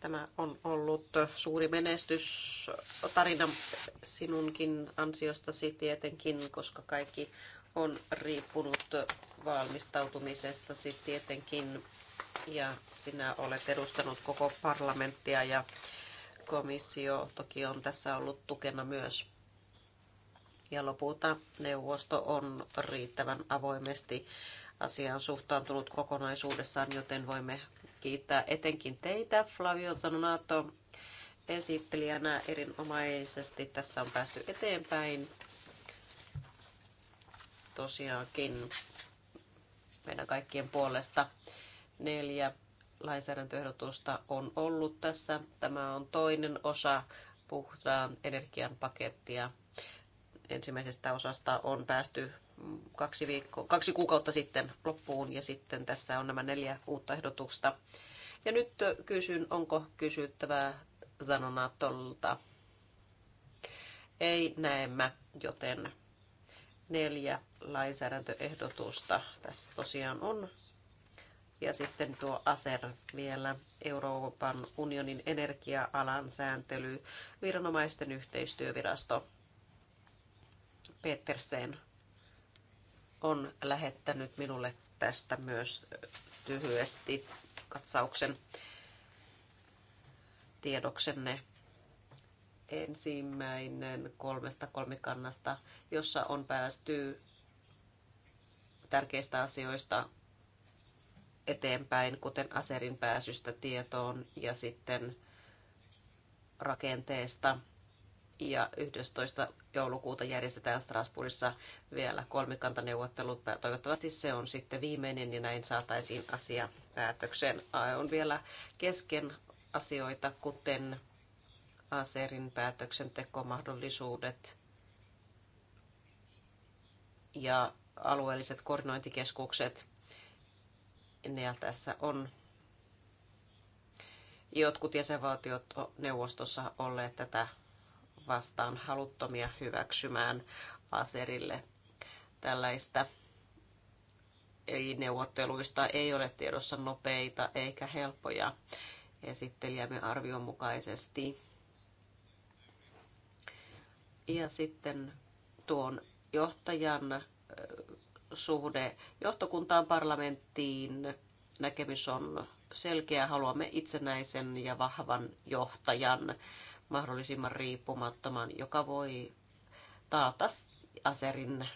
Tämä on ollut suuri menestys tarina sinunkin ansiostasi tietenkin, koska kaikki on riippunut valmistautumisestasi tietenkin. Ja sinä olet edustanut koko parlamenttia ja komissio toki on tässä ollut tukena myös. Ja lopulta neuvosto on riittävän avoimesti asiaan suhtautunut kokonaisuudessaan, joten voimme kiittää etenkin teitä, Flavio Sanonato, esittelijänä erinomaisesti. Tässä on päästy eteenpäin. Tosiaankin meidän kaikkien puolesta neljä lainsäädäntöehdotusta on ollut tässä. Tämä on toinen osa puhtaan energian pakettia. Ensimmäisestä osasta on päästy kaksi, viikko, kaksi kuukautta sitten loppuun ja sitten tässä on nämä neljä uutta ehdotusta. Ja nyt kysyn, onko kysyttävää Zanonatolta? Ei näemmä, joten neljä lainsäädäntöehdotusta tässä tosiaan on. Ja sitten tuo ASER vielä, Euroopan unionin energia-alan sääntely, viranomaisten yhteistyövirasto, Petersen on lähettänyt minulle tästä myös lyhyesti katsauksen tiedoksenne ensimmäinen kolmesta kolmikannasta, jossa on päästy tärkeistä asioista eteenpäin, kuten aserin pääsystä tietoon ja sitten rakenteesta ja 11. joulukuuta järjestetään Strasbourgissa vielä kolmikantaneuvottelut. Toivottavasti se on sitten viimeinen ja näin saataisiin asia päätökseen. On vielä kesken asioita, kuten ASERin päätöksentekomahdollisuudet ja alueelliset koordinointikeskukset. ne tässä on jotkut jäsenvaltiot neuvostossa olleet tätä vastaan haluttomia hyväksymään Aserille tällaista. Eli neuvotteluista ei ole tiedossa nopeita eikä helppoja esittelijämme arvion mukaisesti. Ja sitten tuon johtajan suhde johtokuntaan parlamenttiin näkemys on selkeä. Haluamme itsenäisen ja vahvan johtajan mahdollisimman riippumattoman, joka voi taata aserin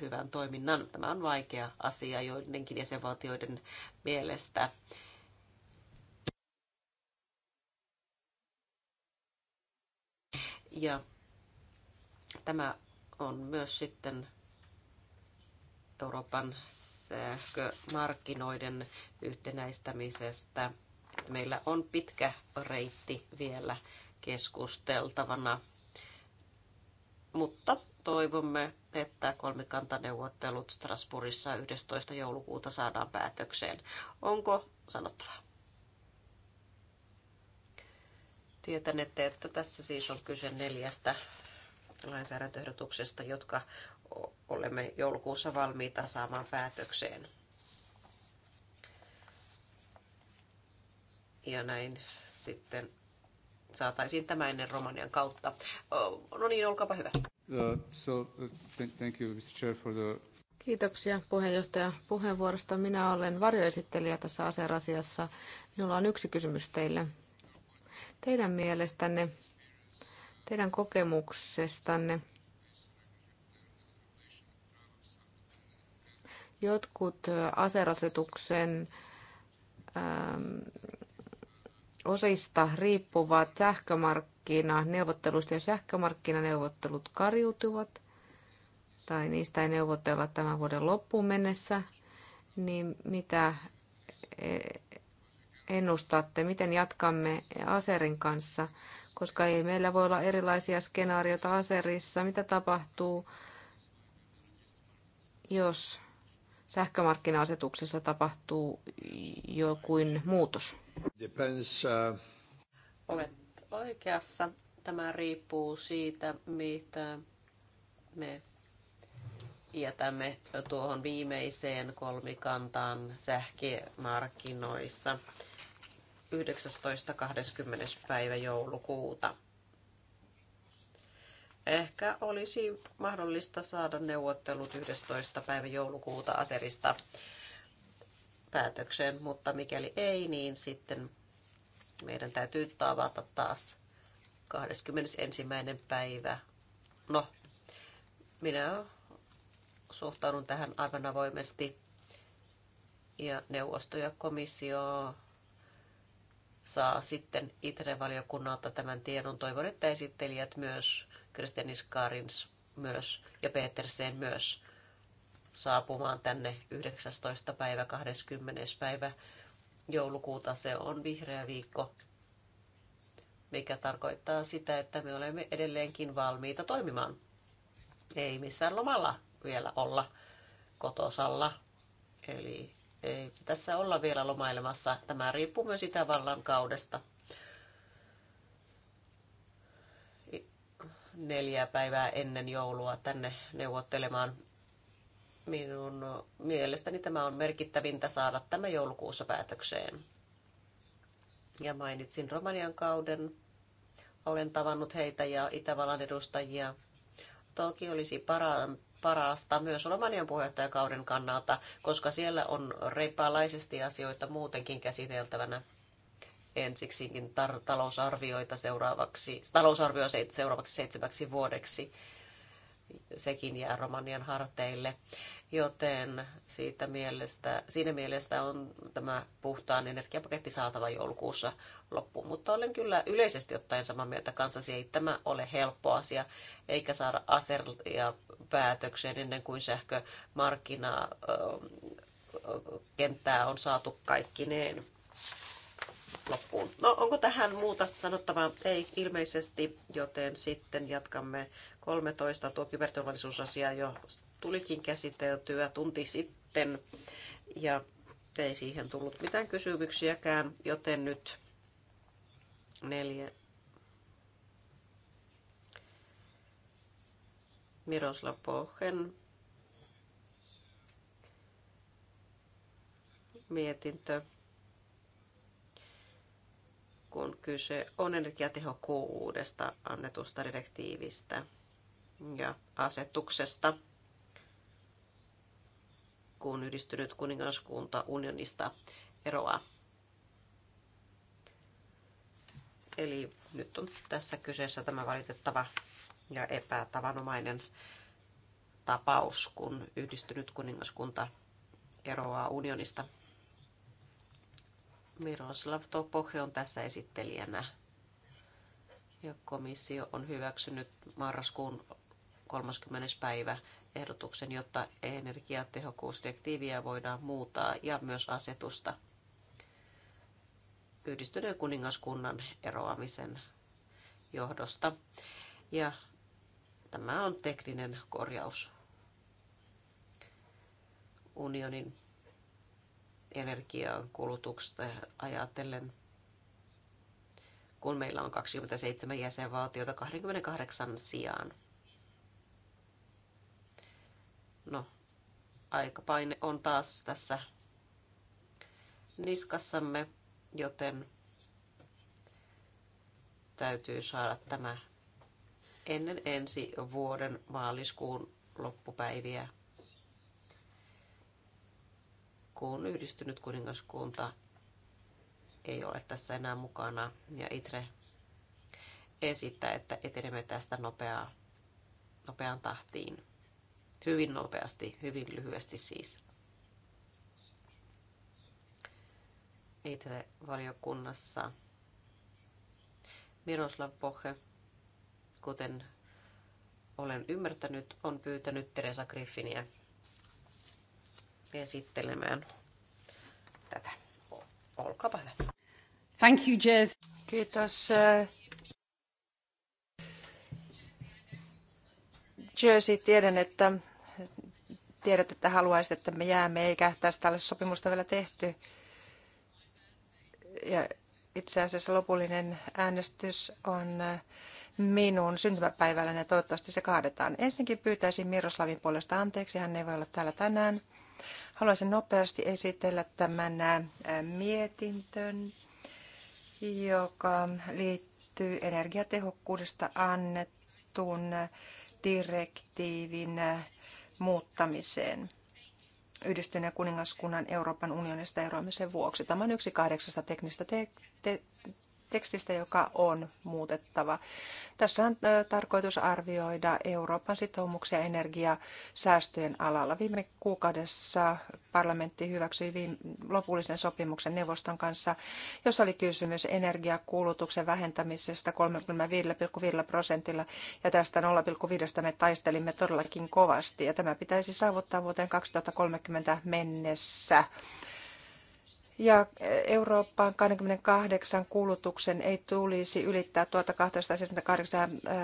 hyvän toiminnan. Tämä on vaikea asia joidenkin jäsenvaltioiden mielestä. Ja tämä on myös sitten Euroopan sähkömarkkinoiden yhtenäistämisestä. Meillä on pitkä reitti vielä keskusteltavana. Mutta toivomme, että kolmikantaneuvottelut Strasbourgissa 11. joulukuuta saadaan päätökseen. Onko sanottavaa? Tietänette, että tässä siis on kyse neljästä lainsäädäntöehdotuksesta, jotka olemme joulukuussa valmiita saamaan päätökseen. Ja näin sitten saataisiin tämä ennen Romanian kautta. No niin, olkaapa hyvä. Uh, so, uh, thank you, Mr. Chair, for the... Kiitoksia puheenjohtaja puheenvuorosta. Minä olen varjoesittelijä tässä aseerasiassa. Minulla on yksi kysymys teille. Teidän mielestänne, teidän kokemuksestanne, jotkut aserasetuksen ähm, osista riippuvat sähkömarkkinaneuvotteluista, ja sähkömarkkinaneuvottelut kariutuvat tai niistä ei neuvotella tämän vuoden loppuun mennessä, niin mitä e, ennustatte, miten jatkamme Aserin kanssa, koska ei meillä voi olla erilaisia skenaarioita Aserissa. Mitä tapahtuu, jos sähkömarkkina-asetuksessa tapahtuu jokin muutos? Depends, uh... Olet oikeassa. Tämä riippuu siitä, mitä me jätämme tuohon viimeiseen kolmikantaan sähkömarkkinoissa 19.20. päivä joulukuuta. Ehkä olisi mahdollista saada neuvottelut 11. päivä joulukuuta aserista päätökseen, mutta mikäli ei, niin sitten meidän täytyy tavata taas 21. päivä. No, minä suhtaudun tähän aivan avoimesti. Ja neuvosto ja komissio saa sitten ITRE-valiokunnalta tämän tiedon. Toivon, että esittelijät myös, Kristianis Karins myös ja Petersen myös saapumaan tänne 19. päivä, 20. päivä joulukuuta. Se on vihreä viikko, mikä tarkoittaa sitä, että me olemme edelleenkin valmiita toimimaan. Ei missään lomalla vielä olla kotosalla. Eli ei tässä olla vielä lomailemassa. Tämä riippuu myös Itävallan kaudesta. neljä päivää ennen joulua tänne neuvottelemaan Minun mielestäni tämä on merkittävintä saada tämä joulukuussa päätökseen. Ja mainitsin Romanian kauden. Olen tavannut heitä ja Itävallan edustajia. Toki olisi para, parasta myös Romanian puheenjohtajakauden kannalta, koska siellä on reippaalaisesti asioita muutenkin käsiteltävänä. Ensiksikin tar- talousarvioita seuraavaksi, talousarvio seuraavaksi seitsemäksi vuodeksi sekin jää Romanian harteille. Joten siitä mielestä, siinä mielestä on tämä puhtaan energiapaketti saatava joulukuussa loppuun. Mutta olen kyllä yleisesti ottaen samaa mieltä kanssasi, ei tämä ole helppo asia, eikä saada aseria päätökseen ennen kuin sähkömarkkina on saatu kaikkineen loppuun No onko tähän muuta sanottavaa? Ei ilmeisesti, joten sitten jatkamme 13. Tuo kyberturvallisuusasia jo tulikin käsiteltyä tunti sitten ja ei siihen tullut mitään kysymyksiäkään, joten nyt neljä. Miroslav Pohen mietintö kun kyse on energiatehokkuudesta annetusta direktiivistä ja asetuksesta, kun yhdistynyt kuningaskunta unionista eroaa. Eli nyt on tässä kyseessä tämä valitettava ja epätavanomainen tapaus, kun yhdistynyt kuningaskunta eroaa unionista. Miroslav Topohe on tässä esittelijänä. Ja komissio on hyväksynyt marraskuun 30. päivä ehdotuksen, jotta energiatehokkuusdirektiiviä voidaan muuttaa ja myös asetusta yhdistyneen kuningaskunnan eroamisen johdosta. Ja tämä on tekninen korjaus unionin energian kulutuksesta ajatellen, kun meillä on 27 jäsenvaltiota 28 sijaan. No, aikapaine on taas tässä niskassamme, joten täytyy saada tämä ennen ensi vuoden maaliskuun loppupäiviä kun yhdistynyt kuningaskunta ei ole tässä enää mukana ja ITRE esittää, että etenemme tästä nopeaa, nopeaan tahtiin. Hyvin nopeasti, hyvin lyhyesti siis. ITRE-valiokunnassa Miroslav Pohe, kuten olen ymmärtänyt, on pyytänyt Teresa Griffinia esittelemään tätä. Olkaapa hyvä. Thank you, Jez. Kiitos. Äh, Jersey, tiedän, että tiedät, että haluaisit, että me jäämme, eikä tästä ole sopimusta vielä tehty. Ja itse asiassa lopullinen äänestys on äh, minun syntymäpäivälläni ja toivottavasti se kaadetaan. Ensinnäkin pyytäisin Miroslavin puolesta anteeksi, hän ei voi olla täällä tänään. Haluaisin nopeasti esitellä tämän mietintön, joka liittyy energiatehokkuudesta annettuun direktiivin muuttamiseen yhdistyneen kuningaskunnan Euroopan unionista eroamisen vuoksi. Tämä on yksi kahdeksasta teknistä te- te- tekstistä, joka on muutettava. Tässä on tarkoitus arvioida Euroopan sitoumuksia energiasäästöjen alalla. Viime kuukaudessa parlamentti hyväksyi viime, lopullisen sopimuksen neuvoston kanssa, jossa oli kysymys energiakulutuksen vähentämisestä 35,5 prosentilla ja tästä 0,5 me taistelimme todellakin kovasti ja tämä pitäisi saavuttaa vuoteen 2030 mennessä ja Eurooppaan 28 kulutuksen ei tulisi ylittää 1278 äh,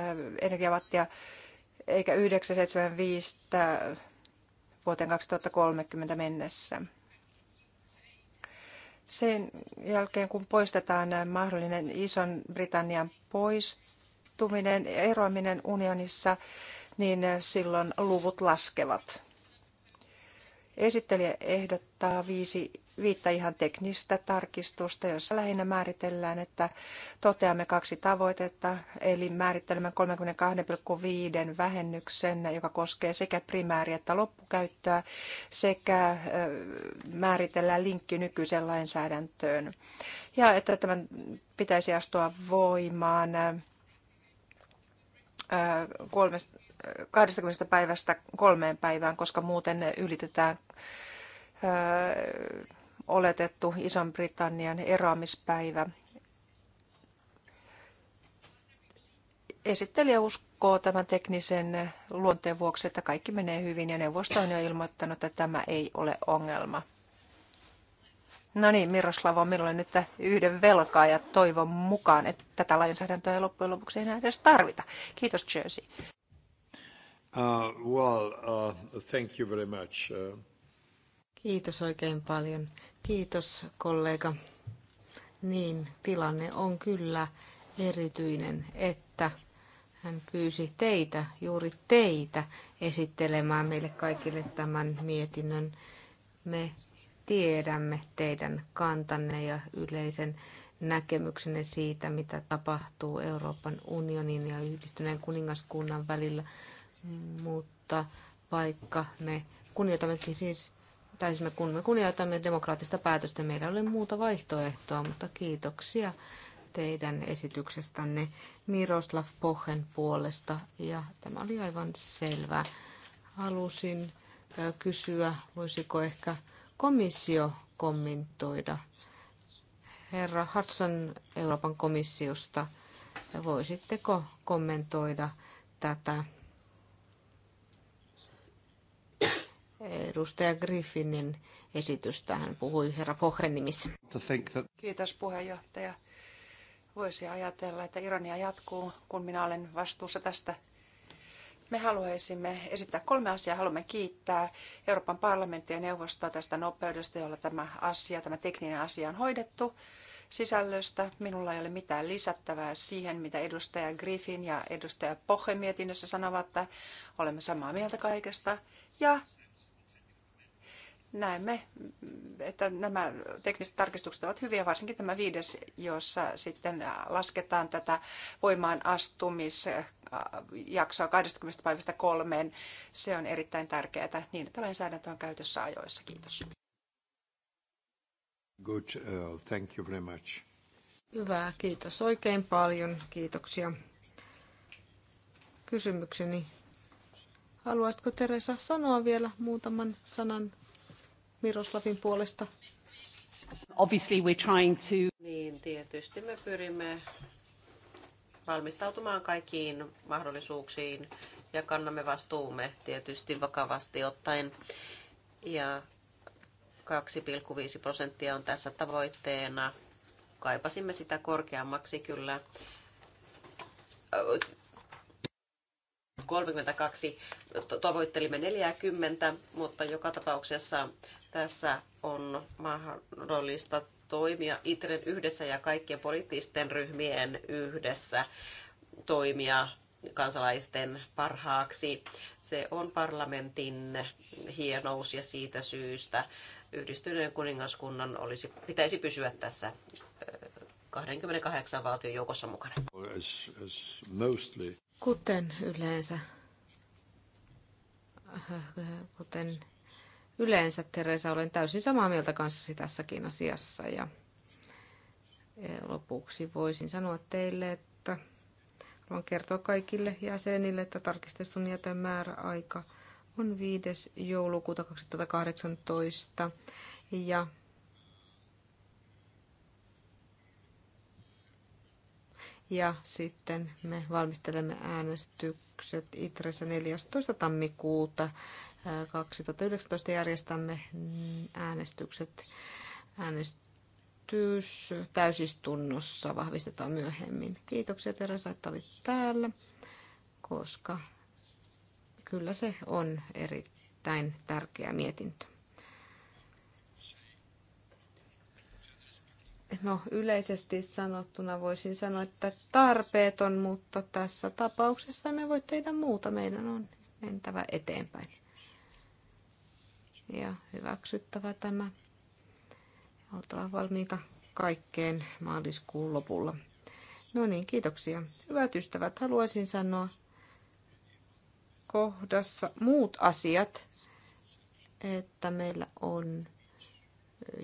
energiawattia eikä 975 vuoteen 2030 mennessä. Sen jälkeen, kun poistetaan mahdollinen ison Britannian poistuminen, eroaminen unionissa, niin silloin luvut laskevat. Esittelijä ehdottaa viisi, viittä ihan teknistä tarkistusta, jossa lähinnä määritellään, että toteamme kaksi tavoitetta, eli määrittelemme 32,5 vähennyksen, joka koskee sekä primääri- että loppukäyttöä, sekä määritellään linkki nykyiseen lainsäädäntöön. Ja että tämän pitäisi astua voimaan kolmesta 20 päivästä kolmeen päivään, koska muuten ylitetään ö, oletettu Ison-Britannian eroamispäivä. Esittelijä uskoo tämän teknisen luonteen vuoksi, että kaikki menee hyvin ja neuvosto on jo ilmoittanut, että tämä ei ole ongelma. No niin, Miroslav on minulle nyt yhden velkaa ja toivon mukaan, että tätä lainsäädäntöä ei loppujen lopuksi enää edes tarvita. Kiitos Jersey. Uh, well, uh, thank you very much. Uh. Kiitos oikein paljon. Kiitos kollega. Niin, tilanne on kyllä erityinen, että hän pyysi teitä, juuri teitä, esittelemään meille kaikille tämän mietinnön. Me tiedämme teidän kantanne ja yleisen näkemyksenne siitä, mitä tapahtuu Euroopan unionin ja yhdistyneen kuningaskunnan välillä – mutta vaikka me kunnioitammekin siis, tai siis me, kun me kunnioitamme demokraattista päätöstä, meillä oli muuta vaihtoehtoa, mutta kiitoksia teidän esityksestänne Miroslav Pohen puolesta ja tämä oli aivan selvä. Halusin kysyä, voisiko ehkä komissio kommentoida. Herra Hudson Euroopan komissiosta, voisitteko kommentoida tätä edustaja Griffinin esitystä. Hän puhui herra Pohren nimissä. Kiitos puheenjohtaja. Voisi ajatella, että ironia jatkuu, kun minä olen vastuussa tästä. Me haluaisimme esittää kolme asiaa. Haluamme kiittää Euroopan parlamenttia ja neuvostoa tästä nopeudesta, jolla tämä asia, tämä tekninen asia on hoidettu sisällöstä. Minulla ei ole mitään lisättävää siihen, mitä edustaja Griffin ja edustaja Pohe mietinnössä sanovat, että olemme samaa mieltä kaikesta. Ja näemme, että nämä tekniset tarkistukset ovat hyviä, varsinkin tämä viides, jossa sitten lasketaan tätä voimaan astumisjaksoa 20 päivästä kolmeen. Se on erittäin tärkeää niin, että lainsäädäntö on käytössä ajoissa. Kiitos. Good, uh, thank you very much. Hyvä, kiitos oikein paljon. Kiitoksia. Kysymykseni. Haluaisitko Teresa sanoa vielä muutaman sanan Miroslavin puolesta. Obviously we're trying to... Niin, tietysti me pyrimme valmistautumaan kaikkiin mahdollisuuksiin ja kannamme vastuumme tietysti vakavasti ottaen. Ja 2,5 prosenttia on tässä tavoitteena. Kaipasimme sitä korkeammaksi kyllä. 32 tavoittelimme 40, mutta joka tapauksessa tässä on mahdollista toimia ITREN yhdessä ja kaikkien poliittisten ryhmien yhdessä toimia kansalaisten parhaaksi. Se on parlamentin hienous ja siitä syystä yhdistyneen kuningaskunnan olisi, pitäisi pysyä tässä 28 valtion joukossa mukana. Kuten yleensä, kuten yleensä, Teresa, olen täysin samaa mieltä kanssasi tässäkin asiassa. Ja e, lopuksi voisin sanoa teille, että haluan kertoa kaikille jäsenille, että tarkistetun jätön määräaika on 5. joulukuuta 2018. Ja Ja sitten me valmistelemme äänestykset Itressä 14. tammikuuta 2019 järjestämme äänestykset. Äänestys täysistunnossa vahvistetaan myöhemmin. Kiitoksia Teresa, että olit täällä, koska kyllä se on erittäin tärkeä mietintö. No yleisesti sanottuna voisin sanoa, että tarpeeton, mutta tässä tapauksessa me voi tehdä muuta. Meidän on mentävä eteenpäin ja hyväksyttävä tämä. Oltava valmiita kaikkeen maaliskuun lopulla. No niin, kiitoksia. Hyvät ystävät, haluaisin sanoa kohdassa muut asiat, että meillä on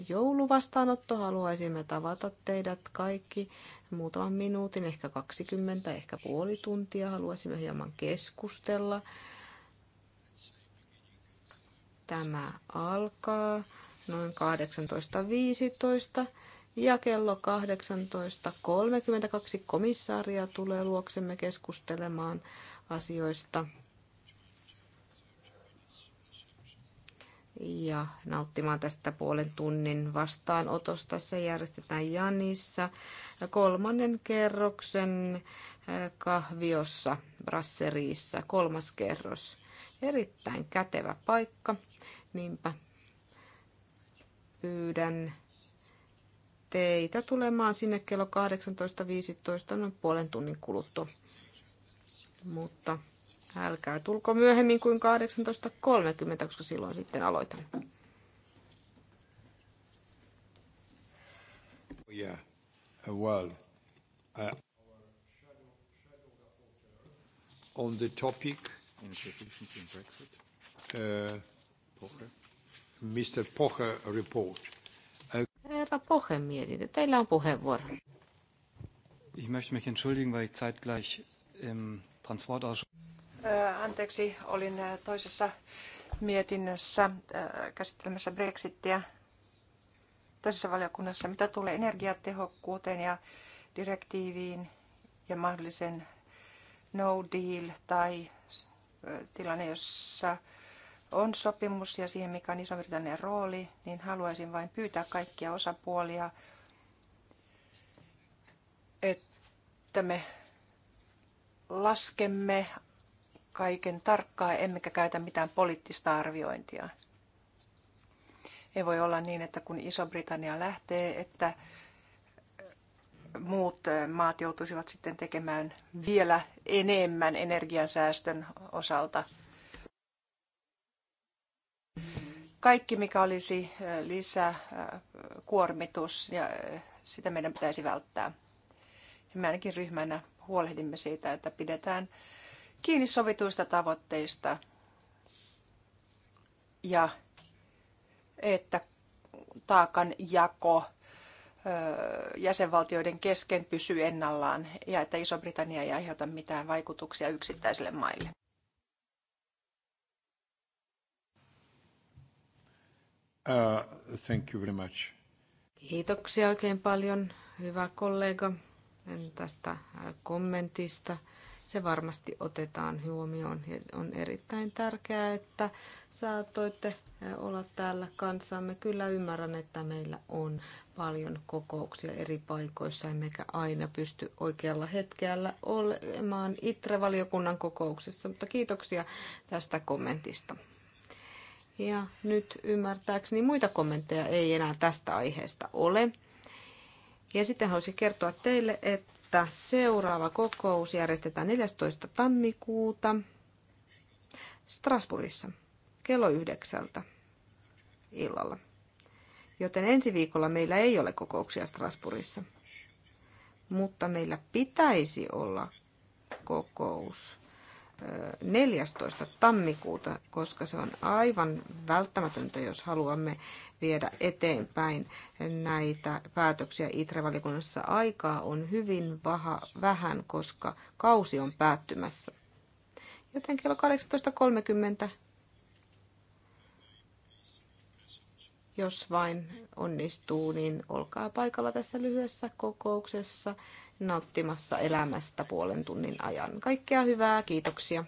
jouluvastaanotto. Haluaisimme tavata teidät kaikki muutaman minuutin, ehkä 20, ehkä puoli tuntia. Haluaisimme hieman keskustella Tämä alkaa noin 18.15 ja kello 18.32 komissaaria tulee luoksemme keskustelemaan asioista ja nauttimaan tästä puolen tunnin vastaanotosta. Se järjestetään Janissa kolmannen kerroksen eh, kahviossa, brasseriissa, kolmas kerros. Erittäin kätevä paikka. Niinpä pyydän teitä tulemaan sinne kello 18.15 noin puolen tunnin kuluttua. Mutta älkää tulko myöhemmin kuin 18.30, koska silloin sitten aloitan. Yeah, well, uh, on the topic, uh, Mr. Poher report. Herra Pohen mietintö. Teillä on puheenvuoro. Ich möchte mich entschuldigen, weil ich zeitgleich im Transportausschuss... Anteeksi, olin toisessa mietinnössä käsittelemässä Brexittiä toisessa valiokunnassa, mitä tulee energiatehokkuuteen ja direktiiviin ja mahdollisen no deal tai tilanne, jossa on sopimus ja siihen, mikä on Iso-Britannian rooli, niin haluaisin vain pyytää kaikkia osapuolia, että me laskemme kaiken tarkkaa, emmekä käytä mitään poliittista arviointia. Ei voi olla niin, että kun Iso-Britannia lähtee, että muut maat joutuisivat sitten tekemään vielä enemmän energiansäästön osalta – kaikki, mikä olisi lisäkuormitus, ja sitä meidän pitäisi välttää. Ja me ainakin ryhmänä huolehdimme siitä, että pidetään kiinni sovituista tavoitteista ja että taakan jako jäsenvaltioiden kesken pysyy ennallaan ja että Iso-Britannia ei aiheuta mitään vaikutuksia yksittäisille maille. Uh, thank you very much. Kiitoksia oikein paljon, hyvä kollega, tästä äh, kommentista. Se varmasti otetaan huomioon. On erittäin tärkeää, että saatoitte äh, olla täällä kanssamme. Kyllä ymmärrän, että meillä on paljon kokouksia eri paikoissa, emmekä aina pysty oikealla hetkellä olemaan ITRE-valiokunnan kokouksessa, mutta kiitoksia tästä kommentista. Ja nyt ymmärtääkseni muita kommentteja ei enää tästä aiheesta ole. Ja sitten haluaisin kertoa teille, että seuraava kokous järjestetään 14. tammikuuta Strasbourgissa kello yhdeksältä illalla. Joten ensi viikolla meillä ei ole kokouksia Strasbourgissa, mutta meillä pitäisi olla kokous 14. tammikuuta, koska se on aivan välttämätöntä, jos haluamme viedä eteenpäin näitä päätöksiä ITRE-valikunnassa. Aikaa on hyvin vaha, vähän, koska kausi on päättymässä. Joten kello 18.30, jos vain onnistuu, niin olkaa paikalla tässä lyhyessä kokouksessa nauttimassa elämästä puolen tunnin ajan. Kaikkea hyvää, kiitoksia.